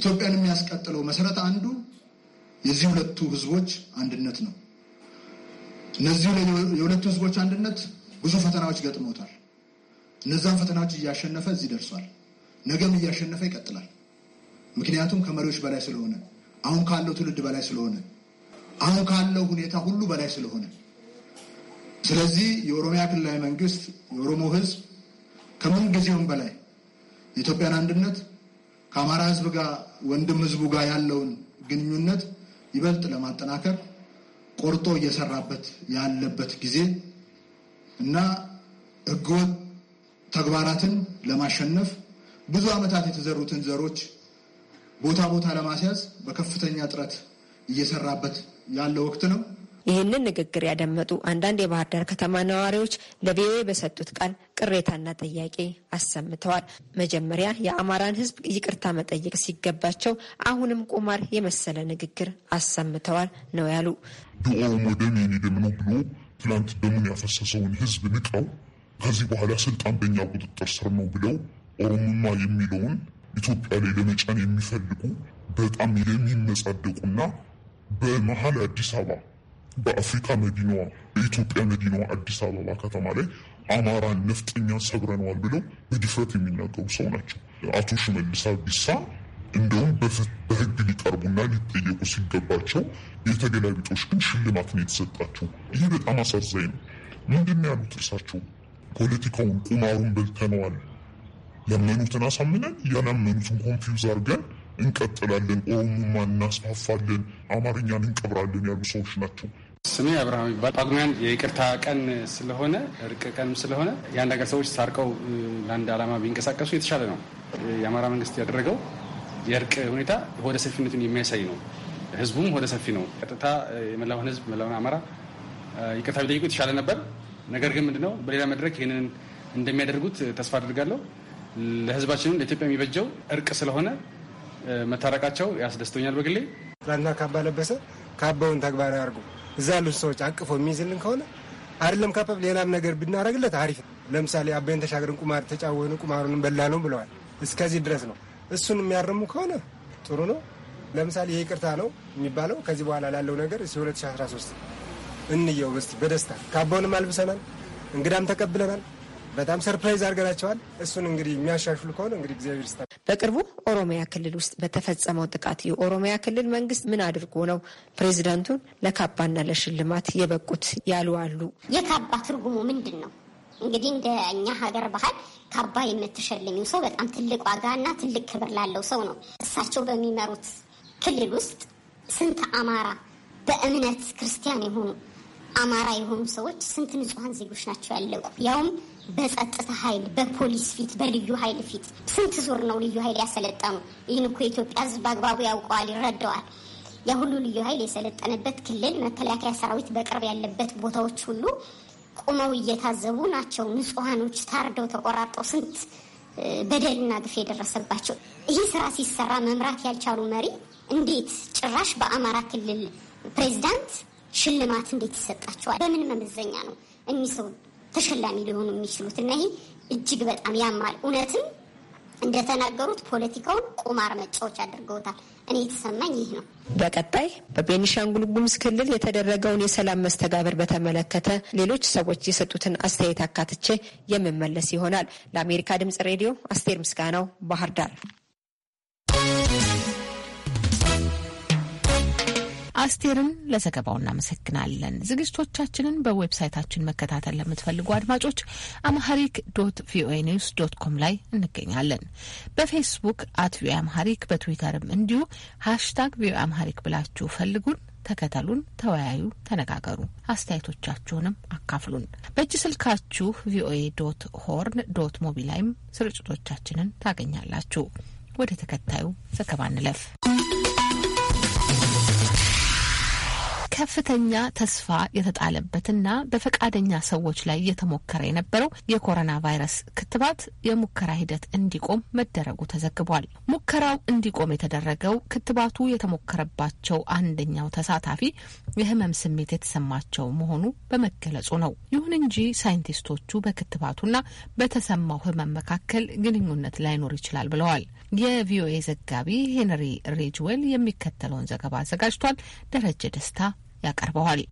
ኢትዮጵያን የሚያስቀጥለው መሰረት አንዱ የዚህ ሁለቱ ህዝቦች አንድነት ነው። እነዚህ የሁለቱ ህዝቦች አንድነት ብዙ ፈተናዎች ገጥሞታል። እነዛን ፈተናዎች እያሸነፈ እዚህ ደርሷል። ነገም እያሸነፈ ይቀጥላል። ምክንያቱም ከመሪዎች በላይ ስለሆነ፣ አሁን ካለው ትውልድ በላይ ስለሆነ፣ አሁን ካለው ሁኔታ ሁሉ በላይ ስለሆነ ስለዚህ የኦሮሚያ ክልላዊ መንግስት የኦሮሞ ህዝብ ከምን ጊዜውም በላይ የኢትዮጵያን አንድነት ከአማራ ህዝብ ጋር ወንድም ህዝቡ ጋር ያለውን ግንኙነት ይበልጥ ለማጠናከር ቆርጦ እየሰራበት ያለበት ጊዜ እና ህገወጥ ተግባራትን ለማሸነፍ ብዙ ዓመታት የተዘሩትን ዘሮች ቦታ ቦታ ለማስያዝ በከፍተኛ ጥረት እየሰራበት ያለ ወቅት ነው። ይህንን ንግግር ያደመጡ አንዳንድ የባህር ዳር ከተማ ነዋሪዎች ለቪኦኤ በሰጡት ቃል ቅሬታና ጥያቄ አሰምተዋል። መጀመሪያ የአማራን ህዝብ ይቅርታ መጠየቅ ሲገባቸው አሁንም ቁማር የመሰለ ንግግር አሰምተዋል ነው ያሉ። ትላንት ደሙን ያፈሰሰውን ህዝብ ንቀው ከዚህ በኋላ ስልጣን በእኛ ቁጥጥር ስር ነው ብለው ኦሮሞማ የሚለውን ኢትዮጵያ ላይ ለመጫን የሚፈልጉ በጣም የሚመጻደቁና በመሀል አዲስ አበባ በአፍሪካ መዲናዋ በኢትዮጵያ መዲናዋ አዲስ አበባ ከተማ ላይ አማራን ነፍጠኛ ሰብረነዋል ብለው በድፍረት የሚናገሩ ሰው ናቸው አቶ ሽመልስ አብዲሳ። እንደውም በህግ ሊቀርቡና ሊጠየቁ ሲገባቸው የተገላቢጦች ግን ሽልማት ነው የተሰጣቸው። ይህ በጣም አሳዛኝ ነው። ምንድን ነው ያሉት እርሳቸው? ፖለቲካውን ቁማሩን በልተነዋል። ያመኑትን አሳምነን ያላመኑትን ኮንፊውዝ አድርገን እንቀጥላለን፣ ኦሮሞማ እናስፋፋለን፣ አማርኛን እንቀብራለን ያሉ ሰዎች ናቸው። ስሜ አብርሃም ይባል። ጳጉሜ አንድ የይቅርታ ቀን ስለሆነ እርቅ ቀንም ስለሆነ የአንድ ሀገር ሰዎች ታርቀው ለአንድ ዓላማ ቢንቀሳቀሱ የተሻለ ነው። የአማራ መንግስት ያደረገው የእርቅ ሁኔታ ሆደ ሰፊነቱን የሚያሳይ ነው። ህዝቡም ሆደ ሰፊ ነው። ቀጥታ የመላውን ህዝብ መላውን አማራ ይቅርታ ቢጠይቁ የተሻለ ነበር። ነገር ግን ምንድነው በሌላ መድረክ ይህንን እንደሚያደርጉት ተስፋ አድርጋለሁ። ለህዝባችንም ለኢትዮጵያ የሚበጀው እርቅ ስለሆነ መታረቃቸው ያስደስተኛል። በግሌ ትናንትና ካባ ለበሰ ካባውን ተግባራዊ አድርጎ እዛ ያሉት ሰዎች አቅፎ የሚይዝልን ከሆነ አይደለም ካባ ሌላም ነገር ብናደርግለት አሪፍ። ለምሳሌ አባይን ተሻገርን ቁማር ተጫወኑ ቁማሩን በላ ነው ብለዋል። እስከዚህ ድረስ ነው። እሱን የሚያርሙ ከሆነ ጥሩ ነው። ለምሳሌ ይቅርታ ነው የሚባለው ከዚህ በኋላ ላለው ነገር 2013 እንየው በስ በደስታ ካባውንም አልብሰናል፣ እንግዳም ተቀብለናል። በጣም ሰርፕራይዝ አድርገናቸዋል። እሱን እንግዲህ የሚያሻሽሉ ከሆነ እንግዲህ እግዚአብሔር ይስጣል። በቅርቡ ኦሮሚያ ክልል ውስጥ በተፈጸመው ጥቃት የኦሮሚያ ክልል መንግስት ምን አድርጎ ነው ፕሬዚዳንቱን ለካባና ለሽልማት የበቁት ያሉ አሉ። የካባ ትርጉሙ ምንድን ነው? እንግዲህ እንደ እኛ ሀገር ባህል ካባ የምትሸልሚው ሰው በጣም ትልቅ ዋጋና ትልቅ ክብር ላለው ሰው ነው። እሳቸው በሚመሩት ክልል ውስጥ ስንት አማራ በእምነት ክርስቲያን የሆኑ አማራ የሆኑ ሰዎች ስንት ንጹሐን ዜጎች ናቸው ያለቁ፣ ያውም በጸጥታ ኃይል በፖሊስ ፊት በልዩ ኃይል ፊት ስንት ዙር ነው ልዩ ኃይል ያሰለጠኑ። ይህን እኮ የኢትዮጵያ ሕዝብ በአግባቡ ያውቀዋል፣ ይረዳዋል። ሁሉ ልዩ ኃይል የሰለጠነበት ክልል መከላከያ ሰራዊት በቅርብ ያለበት ቦታዎች ሁሉ ቁመው እየታዘቡ ናቸው። ንጹሐኖች ታርደው ተቆራርጠው ስንት በደልና ግፍ የደረሰባቸው ይህ ስራ ሲሰራ መምራት ያልቻሉ መሪ እንዴት ጭራሽ በአማራ ክልል ፕሬዚዳንት ሽልማት እንዴት ይሰጣቸዋል? በምን መመዘኛ ነው እኚህ ሰው ተሸላሚ ሊሆኑ የሚችሉት? እና ይህ እጅግ በጣም ያማል። እውነትም እንደተናገሩት ፖለቲካውን ቁማር መጫዎች አድርገውታል። እኔ የተሰማኝ ይህ ነው። በቀጣይ በቤኒሻንጉል ጉምዝ ክልል የተደረገውን የሰላም መስተጋብር በተመለከተ ሌሎች ሰዎች የሰጡትን አስተያየት አካትቼ የምመለስ ይሆናል። ለአሜሪካ ድምጽ ሬዲዮ አስቴር ምስጋናው ባህር ዳር። አስቴርን ለዘገባው እናመሰግናለን። ዝግጅቶቻችንን በዌብሳይታችን መከታተል ለምትፈልጉ አድማጮች አማሐሪክ ዶት ቪኦኤ ኒውስ ዶት ኮም ላይ እንገኛለን። በፌስቡክ አት ቪኦኤ አማሐሪክ፣ በትዊተርም እንዲሁ ሃሽታግ ቪኦኤ አማሐሪክ ብላችሁ ፈልጉን። ተከተሉን፣ ተወያዩ፣ ተነጋገሩ። አስተያየቶቻችሁንም አካፍሉን። በእጅ ስልካችሁ ቪኦኤ ዶት ሆርን ዶት ሞቢ ላይም ስርጭቶቻችንን ታገኛላችሁ። ወደ ተከታዩ ዘገባ እንለፍ። ከፍተኛ ተስፋ የተጣለበትና በፈቃደኛ ሰዎች ላይ እየተሞከረ የነበረው የኮሮና ቫይረስ ክትባት የሙከራ ሂደት እንዲቆም መደረጉ ተዘግቧል። ሙከራው እንዲቆም የተደረገው ክትባቱ የተሞከረባቸው አንደኛው ተሳታፊ የህመም ስሜት የተሰማቸው መሆኑ በመገለጹ ነው። ይሁን እንጂ ሳይንቲስቶቹ በክትባቱና በተሰማው ህመም መካከል ግንኙነት ላይኖር ይችላል ብለዋል። የቪኦኤ ዘጋቢ ሄንሪ ሬጅዌል የሚከተለውን ዘገባ አዘጋጅቷል። ደረጀ ደስታ ያቀርበዋል።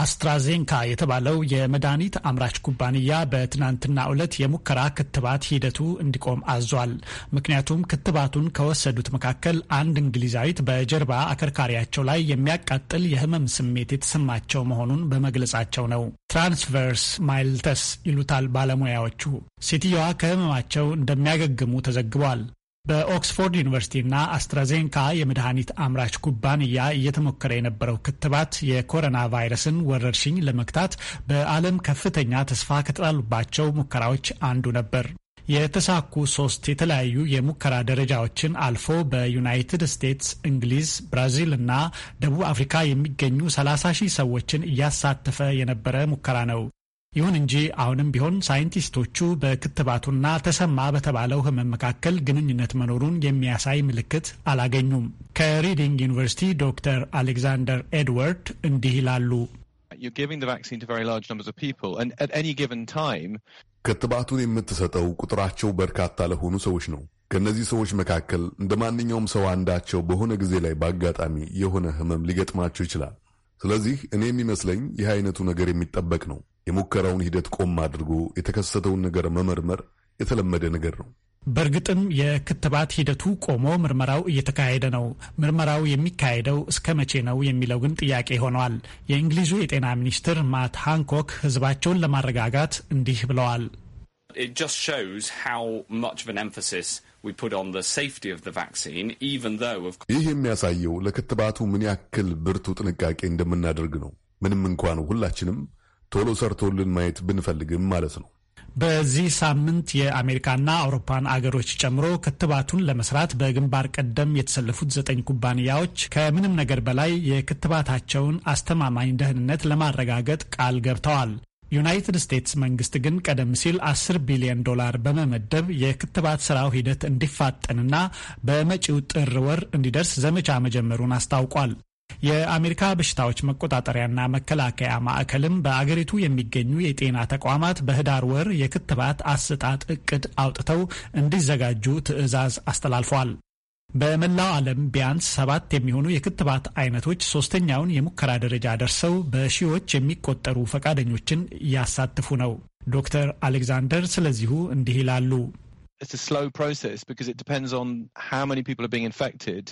አስትራዜንካ የተባለው የመድኃኒት አምራች ኩባንያ በትናንትና ዕለት የሙከራ ክትባት ሂደቱ እንዲቆም አዟል። ምክንያቱም ክትባቱን ከወሰዱት መካከል አንድ እንግሊዛዊት በጀርባ አከርካሪያቸው ላይ የሚያቃጥል የህመም ስሜት የተሰማቸው መሆኑን በመግለጻቸው ነው። ትራንስቨርስ ማይልተስ ይሉታል ባለሙያዎቹ። ሴትየዋ ከህመማቸው እንደሚያገግሙ ተዘግቧል። በኦክስፎርድ ዩኒቨርሲቲና አስትራዜንካ የመድኃኒት አምራች ኩባንያ እየተሞከረ የነበረው ክትባት የኮሮና ቫይረስን ወረርሽኝ ለመግታት በዓለም ከፍተኛ ተስፋ ከተጣሉባቸው ሙከራዎች አንዱ ነበር። የተሳኩ ሶስት የተለያዩ የሙከራ ደረጃዎችን አልፎ በዩናይትድ ስቴትስ፣ እንግሊዝ፣ ብራዚል እና ደቡብ አፍሪካ የሚገኙ 30 ሺህ ሰዎችን እያሳተፈ የነበረ ሙከራ ነው። ይሁን እንጂ አሁንም ቢሆን ሳይንቲስቶቹ በክትባቱና ተሰማ በተባለው ህመም መካከል ግንኙነት መኖሩን የሚያሳይ ምልክት አላገኙም። ከሪዲንግ ዩኒቨርሲቲ ዶክተር አሌክዛንደር ኤድዋርድ እንዲህ ይላሉ። ክትባቱን የምትሰጠው ቁጥራቸው በርካታ ለሆኑ ሰዎች ነው። ከእነዚህ ሰዎች መካከል እንደ ማንኛውም ሰው አንዳቸው በሆነ ጊዜ ላይ በአጋጣሚ የሆነ ህመም ሊገጥማቸው ይችላል። ስለዚህ እኔ የሚመስለኝ ይህ አይነቱ ነገር የሚጠበቅ ነው። የሙከራውን ሂደት ቆም አድርጎ የተከሰተውን ነገር መመርመር የተለመደ ነገር ነው። በእርግጥም የክትባት ሂደቱ ቆሞ ምርመራው እየተካሄደ ነው። ምርመራው የሚካሄደው እስከ መቼ ነው የሚለው ግን ጥያቄ ሆነዋል። የእንግሊዙ የጤና ሚኒስትር ማት ሃንኮክ ህዝባቸውን ለማረጋጋት እንዲህ ብለዋል። ይህ የሚያሳየው ለክትባቱ ምን ያክል ብርቱ ጥንቃቄ እንደምናደርግ ነው። ምንም እንኳን ሁላችንም ቶሎ ሰርቶልን ማየት ብንፈልግም ማለት ነው። በዚህ ሳምንት የአሜሪካና አውሮፓን አገሮች ጨምሮ ክትባቱን ለመስራት በግንባር ቀደም የተሰለፉት ዘጠኝ ኩባንያዎች ከምንም ነገር በላይ የክትባታቸውን አስተማማኝ ደህንነት ለማረጋገጥ ቃል ገብተዋል። ዩናይትድ ስቴትስ መንግስት ግን ቀደም ሲል 10 ቢሊዮን ዶላር በመመደብ የክትባት ስራው ሂደት እንዲፋጠንና በመጪው ጥር ወር እንዲደርስ ዘመቻ መጀመሩን አስታውቋል። የአሜሪካ በሽታዎች መቆጣጠሪያና መከላከያ ማዕከልም በአገሪቱ የሚገኙ የጤና ተቋማት በህዳር ወር የክትባት አሰጣጥ እቅድ አውጥተው እንዲዘጋጁ ትዕዛዝ አስተላልፏል። በመላው ዓለም ቢያንስ ሰባት የሚሆኑ የክትባት አይነቶች ሶስተኛውን የሙከራ ደረጃ ደርሰው በሺዎች የሚቆጠሩ ፈቃደኞችን እያሳተፉ ነው። ዶክተር አሌክዛንደር ስለዚሁ እንዲህ ይላሉ። It's a slow process because it depends on how many people are being infected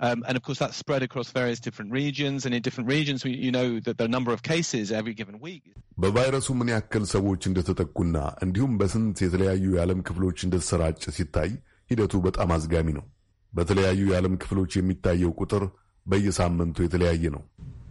Um, and of course, that's spread across various different regions. And in different regions, you know that the number of cases every given week. በቫይረሱ ምን ያክል ሰዎች እንደተጠቁና እንዲሁም በስንት የተለያዩ የዓለም ክፍሎች እንደተሰራጨ ሲታይ ሂደቱ በጣም አዝጋሚ ነው። በተለያዩ የዓለም ክፍሎች የሚታየው ቁጥር በየሳምንቱ የተለያየ ነው።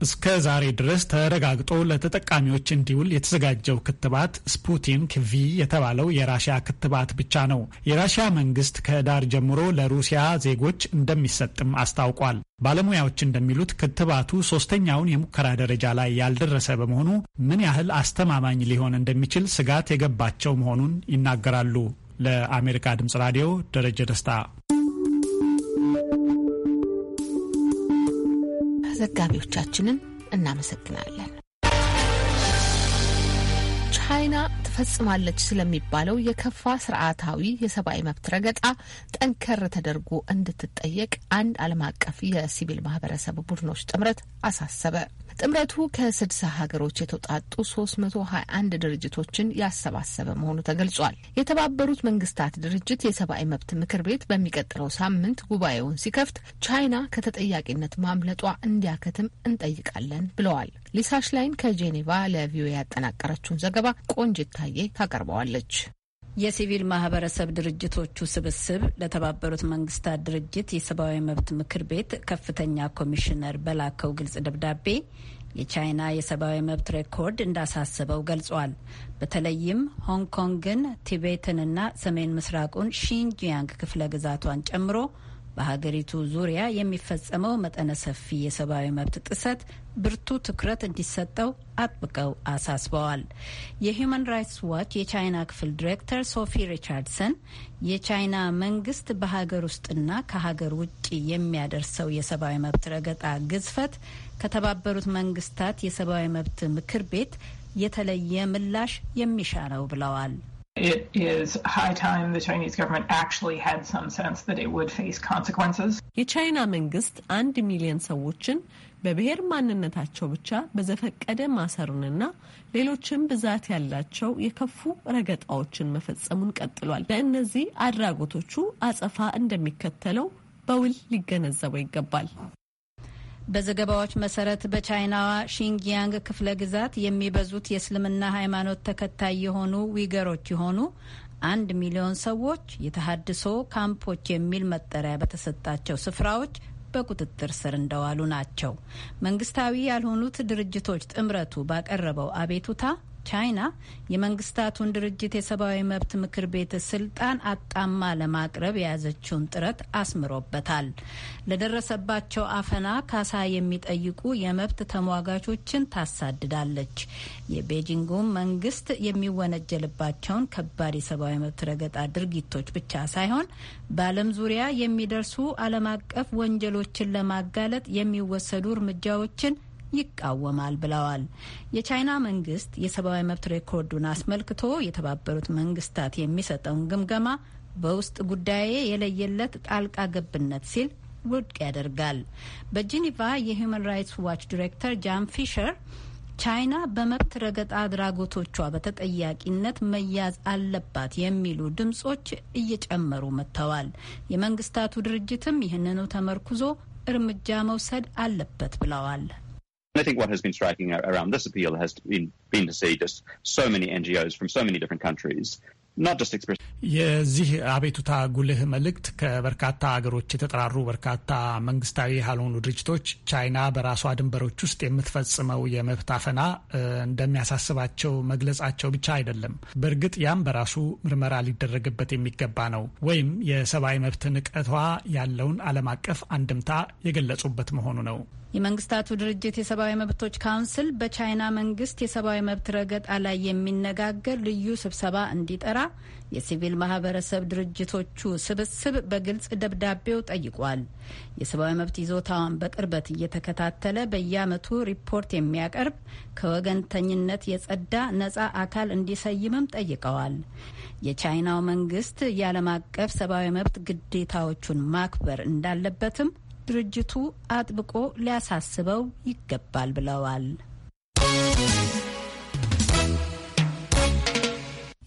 እስከ ዛሬ ድረስ ተረጋግጦ ለተጠቃሚዎች እንዲውል የተዘጋጀው ክትባት ስፑቲንክ ቪ የተባለው የራሽያ ክትባት ብቻ ነው። የራሽያ መንግስት ከህዳር ጀምሮ ለሩሲያ ዜጎች እንደሚሰጥም አስታውቋል። ባለሙያዎች እንደሚሉት ክትባቱ ሶስተኛውን የሙከራ ደረጃ ላይ ያልደረሰ በመሆኑ ምን ያህል አስተማማኝ ሊሆን እንደሚችል ስጋት የገባቸው መሆኑን ይናገራሉ። ለአሜሪካ ድምጽ ራዲዮ ደረጀ ደስታ ዘጋቢዎቻችንን እናመሰግናለን። ቻይና ትፈጽማለች ስለሚባለው የከፋ ስርዓታዊ የሰብአዊ መብት ረገጣ ጠንከር ተደርጎ እንድትጠየቅ አንድ ዓለም አቀፍ የሲቪል ማህበረሰብ ቡድኖች ጥምረት አሳሰበ። ጥምረቱ ከስድሳ ሀገሮች የተውጣጡ 321 ድርጅቶችን ያሰባሰበ መሆኑ ተገልጿል። የተባበሩት መንግስታት ድርጅት የሰብአዊ መብት ምክር ቤት በሚቀጥለው ሳምንት ጉባኤውን ሲከፍት ቻይና ከተጠያቂነት ማምለጧ እንዲያከትም እንጠይቃለን ብለዋል። ሊሳ ሽላይን ከጄኔቫ ለቪኦኤ ያጠናቀረችውን ዘገባ ቆንጅታዬ ታቀርበዋለች። የሲቪል ማህበረሰብ ድርጅቶቹ ስብስብ ለተባበሩት መንግስታት ድርጅት የሰብአዊ መብት ምክር ቤት ከፍተኛ ኮሚሽነር በላከው ግልጽ ደብዳቤ የቻይና የሰብአዊ መብት ሬኮርድ እንዳሳሰበው ገልጿል። በተለይም ሆንግ ኮንግን፣ ቲቤትንና ሰሜን ምስራቁን ሺንጂያንግ ክፍለ ግዛቷን ጨምሮ በሀገሪቱ ዙሪያ የሚፈጸመው መጠነ ሰፊ የሰብአዊ መብት ጥሰት ብርቱ ትኩረት እንዲሰጠው አጥብቀው አሳስበዋል። የሂዩማን ራይትስ ዋች የቻይና ክፍል ዲሬክተር ሶፊ ሪቻርድሰን የቻይና መንግስት በሀገር ውስጥና ከሀገር ውጭ የሚያደርሰው የሰብአዊ መብት ረገጣ ግዝፈት ከተባበሩት መንግስታት የሰብአዊ መብት ምክር ቤት የተለየ ምላሽ የሚሻ ነው ብለዋል። It is high time the Chinese government actually had some sense that it would face consequences. የቻይና መንግስት አንድ ሚሊዮን ሰዎችን በብሔር ማንነታቸው ብቻ በዘፈቀደ ማሰሩንና ሌሎችም ብዛት ያላቸው የከፉ ረገጣዎችን መፈጸሙን ቀጥሏል። ለእነዚህ አድራጎቶቹ አጸፋ እንደሚከተለው በውል ሊገነዘበው ይገባል። በዘገባዎች መሰረት በቻይናዋ ሺንግያንግ ክፍለ ግዛት የሚበዙት የእስልምና ሃይማኖት ተከታይ የሆኑ ዊገሮች የሆኑ አንድ ሚሊዮን ሰዎች የተሃድሶ ካምፖች የሚል መጠሪያ በተሰጣቸው ስፍራዎች በቁጥጥር ስር እንደዋሉ ናቸው። መንግስታዊ ያልሆኑት ድርጅቶች ጥምረቱ ባቀረበው አቤቱታ ቻይና የመንግስታቱን ድርጅት የሰብአዊ መብት ምክር ቤት ስልጣን አጣማ ለማቅረብ የያዘችውን ጥረት አስምሮበታል። ለደረሰባቸው አፈና ካሳ የሚጠይቁ የመብት ተሟጋቾችን ታሳድዳለች። የቤጂንጉ መንግስት የሚወነጀልባቸውን ከባድ የሰብአዊ መብት ረገጣ ድርጊቶች ብቻ ሳይሆን በዓለም ዙሪያ የሚደርሱ ዓለም አቀፍ ወንጀሎችን ለማጋለጥ የሚወሰዱ እርምጃዎችን ይቃወማል ብለዋል። የቻይና መንግስት የሰብአዊ መብት ሬኮርዱን አስመልክቶ የተባበሩት መንግስታት የሚሰጠውን ግምገማ በውስጥ ጉዳዬ የለየለት ጣልቃ ገብነት ሲል ውድቅ ያደርጋል። በጄኔቫ የሂዩማን ራይትስ ዋች ዲሬክተር ጃን ፊሸር ቻይና በመብት ረገጣ አድራጎቶቿ በተጠያቂነት መያዝ አለባት የሚሉ ድምጾች እየጨመሩ መጥተዋል። የመንግስታቱ ድርጅትም ይህንኑ ተመርኩዞ እርምጃ መውሰድ አለበት ብለዋል። And I think what has been striking around this appeal has been, been to see just so many NGOs from so many different countries የዚህ አቤቱታ ጉልህ መልእክት ከበርካታ ሀገሮች የተጠራሩ በርካታ መንግስታዊ ያልሆኑ ድርጅቶች ቻይና በራሷ ድንበሮች ውስጥ የምትፈጽመው የመብት አፈና እንደሚያሳስባቸው መግለጻቸው ብቻ አይደለም። በእርግጥ ያም በራሱ ምርመራ ሊደረግበት የሚገባ ነው፣ ወይም የሰብአዊ መብት ንቀቷ ያለውን ዓለም አቀፍ አንድምታ የገለጹበት መሆኑ ነው። የመንግስታቱ ድርጅት የሰብአዊ መብቶች ካውንስል በቻይና መንግስት የሰብአዊ መብት ረገጣ ላይ የሚነጋገር ልዩ ስብሰባ እንዲጠራ የሲቪል ማህበረሰብ ድርጅቶቹ ስብስብ በግልጽ ደብዳቤው ጠይቋል። የሰብአዊ መብት ይዞታዋን በቅርበት እየተከታተለ በየዓመቱ ሪፖርት የሚያቀርብ ከወገንተኝነት የጸዳ ነጻ አካል እንዲሰይምም ጠይቀዋል። የቻይናው መንግስት የዓለም አቀፍ ሰብአዊ መብት ግዴታዎቹን ማክበር እንዳለበትም ድርጅቱ አጥብቆ ሊያሳስበው ይገባል ብለዋል።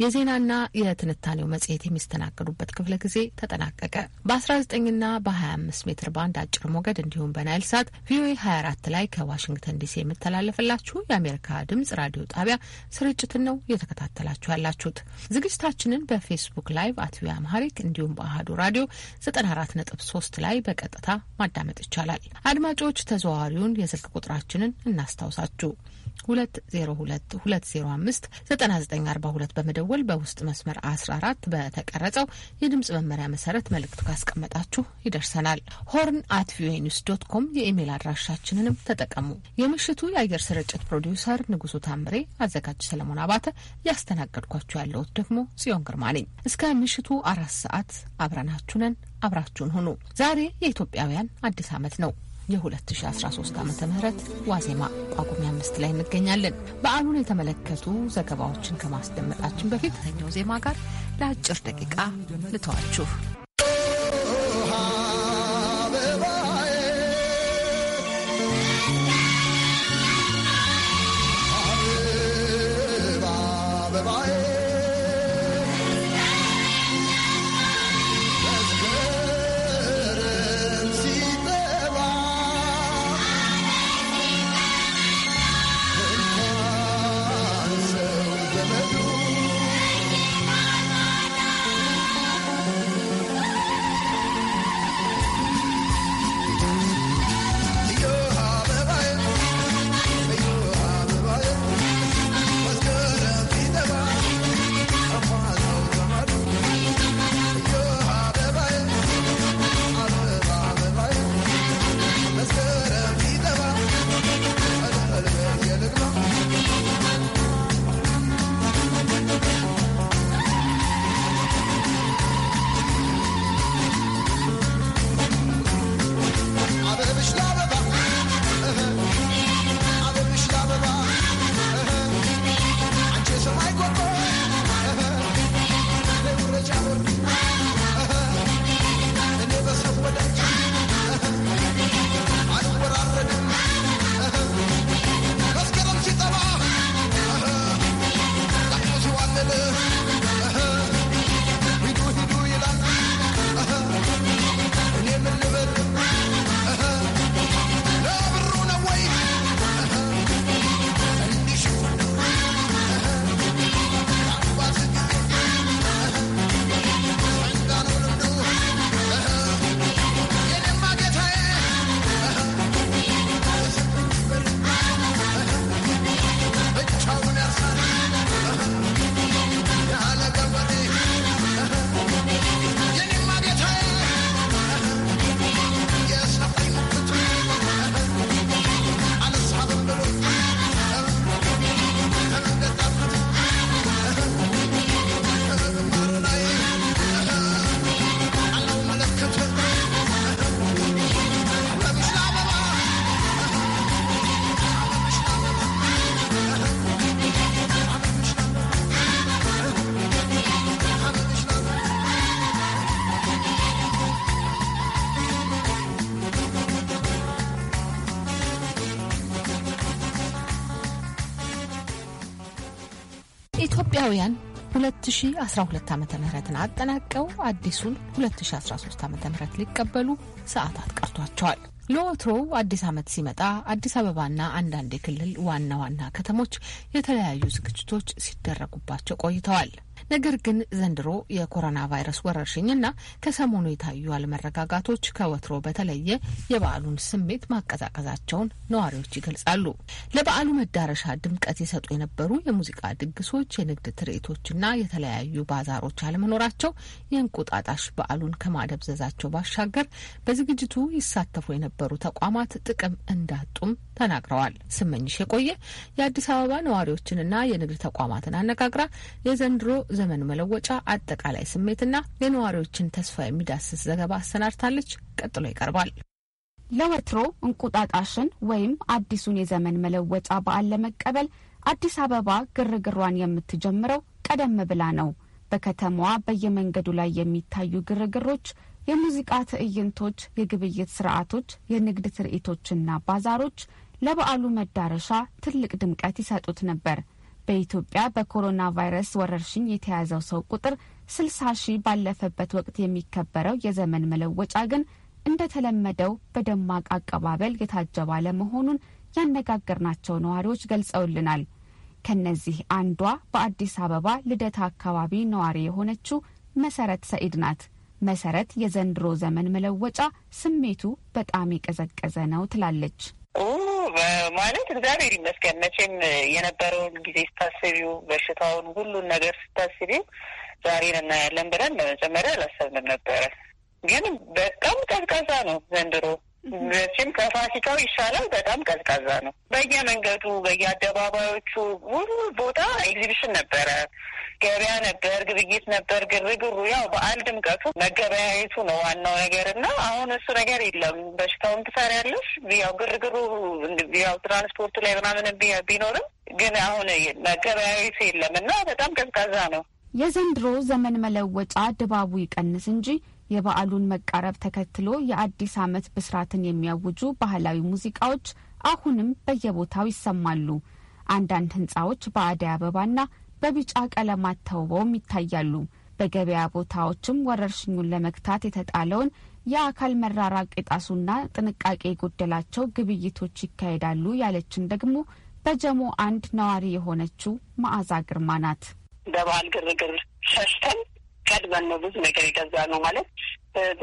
የዜናና የትንታኔው መጽሔት የሚስተናገዱበት ክፍለ ጊዜ ተጠናቀቀ። በ19ና በ25 ሜትር ባንድ አጭር ሞገድ እንዲሁም በናይል ሳት ቪኦኤ 24 ላይ ከዋሽንግተን ዲሲ የምተላለፍላችሁ የአሜሪካ ድምጽ ራዲዮ ጣቢያ ስርጭትን ነው እየተከታተላችሁ ያላችሁት። ዝግጅታችንን በፌስቡክ ላይቭ አት ቪኦኤ አምሃሪክ እንዲሁም በአህዱ ራዲዮ 94.3 ላይ በቀጥታ ማዳመጥ ይቻላል። አድማጮች ተዘዋዋሪውን የስልክ ቁጥራችንን እናስታውሳችሁ 2022059942 በመደወል በውስጥ መስመር 14 በተቀረጸው የድምጽ መመሪያ መሰረት መልእክት ካስቀመጣችሁ ይደርሰናል። ሆርን አት ቪኦኤ ኒውስ ዶት ኮም የኢሜይል አድራሻችንንም ተጠቀሙ። የምሽቱ የአየር ስርጭት ፕሮዲውሰር ንጉሱ ታምሬ፣ አዘጋጅ ሰለሞን አባተ፣ እያስተናገድኳችሁ ያለሁት ደግሞ ጽዮን ግርማ ነኝ። እስከ ምሽቱ አራት ሰዓት አብረናችሁ ነን። አብራችሁን ሁኑ። ዛሬ የኢትዮጵያውያን አዲስ ዓመት ነው። የ2013 ዓ ም ዋዜማ ጳጉሜ አምስት ላይ እንገኛለን። በዓሉን የተመለከቱ ዘገባዎችን ከማስደመጣችን በፊት ተኛው ዜማ ጋር ለአጭር ደቂቃ ልተዋችሁ። ኢትዮጵያውያን 2012 ዓ ም አጠናቀው አዲሱን 2013 ዓ ም ሊቀበሉ ሰዓታት ቀርቷቸዋል። ለወትሮው አዲስ ዓመት ሲመጣ አዲስ አበባና አንዳንድ የክልል ዋና ዋና ከተሞች የተለያዩ ዝግጅቶች ሲደረጉባቸው ቆይተዋል። ነገር ግን ዘንድሮ የኮሮና ቫይረስ ወረርሽኝና ከሰሞኑ የታዩ አለመረጋጋቶች ከወትሮ በተለየ የበዓሉን ስሜት ማቀዛቀዛቸውን ነዋሪዎች ይገልጻሉ። ለበዓሉ መዳረሻ ድምቀት የሰጡ የነበሩ የሙዚቃ ድግሶች፣ የንግድ ትርኢቶችና የተለያዩ ባዛሮች አለመኖራቸው የእንቁጣጣሽ በዓሉን ከማደብዘዛቸው ባሻገር በዝግጅቱ ይሳተፉ የነበሩ ተቋማት ጥቅም እንዳጡም ተናግረዋል። ስመኝሽ የቆየ የአዲስ አበባ ነዋሪዎችንና የንግድ ተቋማትን አነጋግራ የዘንድሮ ዘመን መለወጫ አጠቃላይ ስሜትና የነዋሪዎችን ተስፋ የሚዳስስ ዘገባ አሰናድታለች። ቀጥሎ ይቀርባል። ለወትሮ እንቁጣጣሽን ወይም አዲሱን የዘመን መለወጫ በዓል ለመቀበል አዲስ አበባ ግርግሯን የምትጀምረው ቀደም ብላ ነው። በከተማዋ በየመንገዱ ላይ የሚታዩ ግርግሮች፣ የሙዚቃ ትዕይንቶች፣ የግብይት ስርዓቶች፣ የንግድ ትርኢቶችና ባዛሮች ለበዓሉ መዳረሻ ትልቅ ድምቀት ይሰጡት ነበር። በኢትዮጵያ በኮሮና ቫይረስ ወረርሽኝ የተያዘው ሰው ቁጥር ስልሳ ሺህ ባለፈበት ወቅት የሚከበረው የዘመን መለወጫ ግን እንደተለመደው በደማቅ አቀባበል የታጀበ አለመሆኑን ያነጋገርናቸው ነዋሪዎች ገልጸውልናል። ከነዚህ አንዷ በአዲስ አበባ ልደታ አካባቢ ነዋሪ የሆነችው መሰረት ሰኢድ ናት። መሰረት የዘንድሮ ዘመን መለወጫ ስሜቱ በጣም የቀዘቀዘ ነው ትላለች። ማለት እግዚአብሔር ይመስገን መቼም የነበረውን ጊዜ ስታስቢው በሽታውን ሁሉን ነገር ስታስቢው ዛሬን እናያለን ብለን በመጀመሪያ አላሰብንም ነበረ። ግን በጣም ቀዝቃዛ ነው ዘንድሮ እሱም ከፋሲካው ይሻላል። በጣም ቀዝቃዛ ነው። በየመንገዱ በየአደባባዮቹ ሁሉ ቦታ ኤግዚቢሽን ነበረ፣ ገበያ ነበር፣ ግብይት ነበር፣ ግርግሩ። ያው በዓል ድምቀቱ መገበያየቱ ነው ዋናው ነገር እና አሁን እሱ ነገር የለም። በሽታውን ትሰሪያለሽ። ያው ግርግሩ ያው ትራንስፖርቱ ላይ ምናምን ቢኖርም ግን አሁን መገበያየቱ የለም እና በጣም ቀዝቃዛ ነው። የዘንድሮ ዘመን መለወጫ ድባቡ ይቀንስ እንጂ የበዓሉን መቃረብ ተከትሎ የአዲስ ዓመት ብስራትን የሚያውጁ ባህላዊ ሙዚቃዎች አሁንም በየቦታው ይሰማሉ። አንዳንድ ህንጻዎች በአደይ አበባና በቢጫ ቀለማት ተውበውም ይታያሉ። በገበያ ቦታዎችም ወረርሽኙን ለመግታት የተጣለውን የአካል መራራቅ የጣሱና ጥንቃቄ የጎደላቸው ግብይቶች ይካሄዳሉ ያለችን ደግሞ በጀሞ አንድ ነዋሪ የሆነችው መዓዛ ግርማ ናት። በበዓል ግርግር ሸሽተን ቀድመን ነው ብዙ ነገር የገዛ ነው ማለት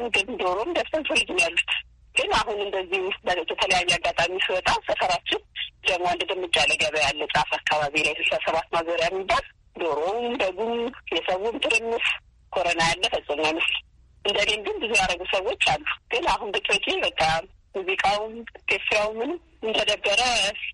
በግን ዶሮም ደፍተን ፍሪጅ ነው ያሉት። ግን አሁን እንደዚህ የተለያየ አጋጣሚ ስወጣ ሰፈራችን ደግሞ አንድ ድምጃ ለገበያ ያለ ጫፍ አካባቢ ላይ ስልሳ ሰባት ማዞሪያ የሚባል ዶሮውም ደጉም የሰውም ትርምስ ኮረና ያለ ፈጽሞ ምስል እንደኔም ግን ብዙ ያደረጉ ሰዎች አሉ። ግን አሁን ብትወጪ በቃ ሙዚቃውም ቴስራው ምንም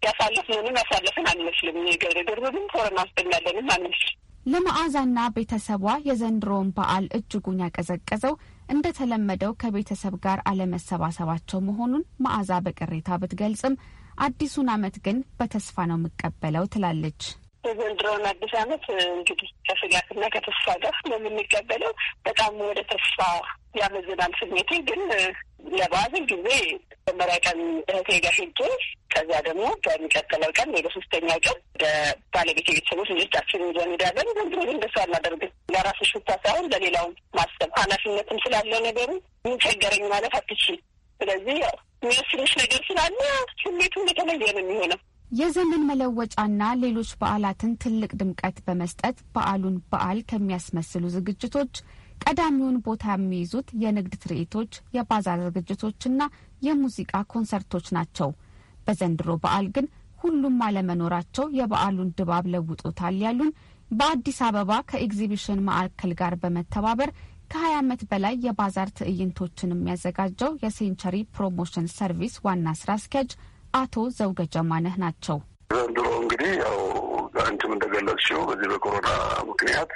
ያሳለፍ ምንም ያሳለፍን አንመስልም። የገብረ ድርብም ኮረና ውስጥ ያለንም አንመስልም። ለመዓዛና ቤተሰቧ የዘንድሮውን በዓል እጅጉን ያቀዘቀዘው እንደተለመደው ከቤተሰብ ጋር አለመሰባሰባቸው መሆኑን መዓዛ በቅሬታ ብትገልጽም አዲሱን ዓመት ግን በተስፋ ነው የምቀበለው ትላለች። የዘንድሮውን አዲስ ዓመት እንግዲህ ከስጋትና ከተስፋ ጋር ነው የምንቀበለው። በጣም ወደ ተስፋ ያመዝናል ስሜቴ። ግን ለበዓል ጊዜ መጀመሪያ ቀን እህቴ ጋር ሄጄ ከዚያ ደግሞ በሚቀጥለው ቀን ወደ ሶስተኛው ቀን ወደ ባለቤት ቤተሰቦች ልጆቻችን ይዘን ሄዳለን። ዘንድሮ ግን እንደሱ አናደርግም። ለራስሽ ብቻ ሳይሆን ለሌላው ማሰብ ኃላፊነትም ስላለ ነገሩ ምንቸገረኝ ማለት አትችል። ስለዚህ ያው የሚወስንሽ ነገር ስላለ ስሜቱም የተለየ ነው የሚሆነው። የዘመን መለወጫና ሌሎች በዓላትን ትልቅ ድምቀት በመስጠት በዓሉን በዓል ከሚያስመስሉ ዝግጅቶች ቀዳሚውን ቦታ የሚይዙት የንግድ ትርኢቶች፣ የባዛር ዝግጅቶችና የሙዚቃ ኮንሰርቶች ናቸው። በዘንድሮ በዓል ግን ሁሉም አለመኖራቸው የበዓሉን ድባብ ለውጦታል ያሉን በአዲስ አበባ ከኤግዚቢሽን ማዕከል ጋር በመተባበር ከ20 ዓመት በላይ የባዛር ትዕይንቶችን የሚያዘጋጀው የሴንቸሪ ፕሮሞሽን ሰርቪስ ዋና ስራ አስኪያጅ አቶ ዘውገ ጀማነህ ናቸው። ዘንድሮ እንግዲህ ያው አንቺም እንደገለጽሽው በዚህ በኮሮና ምክንያት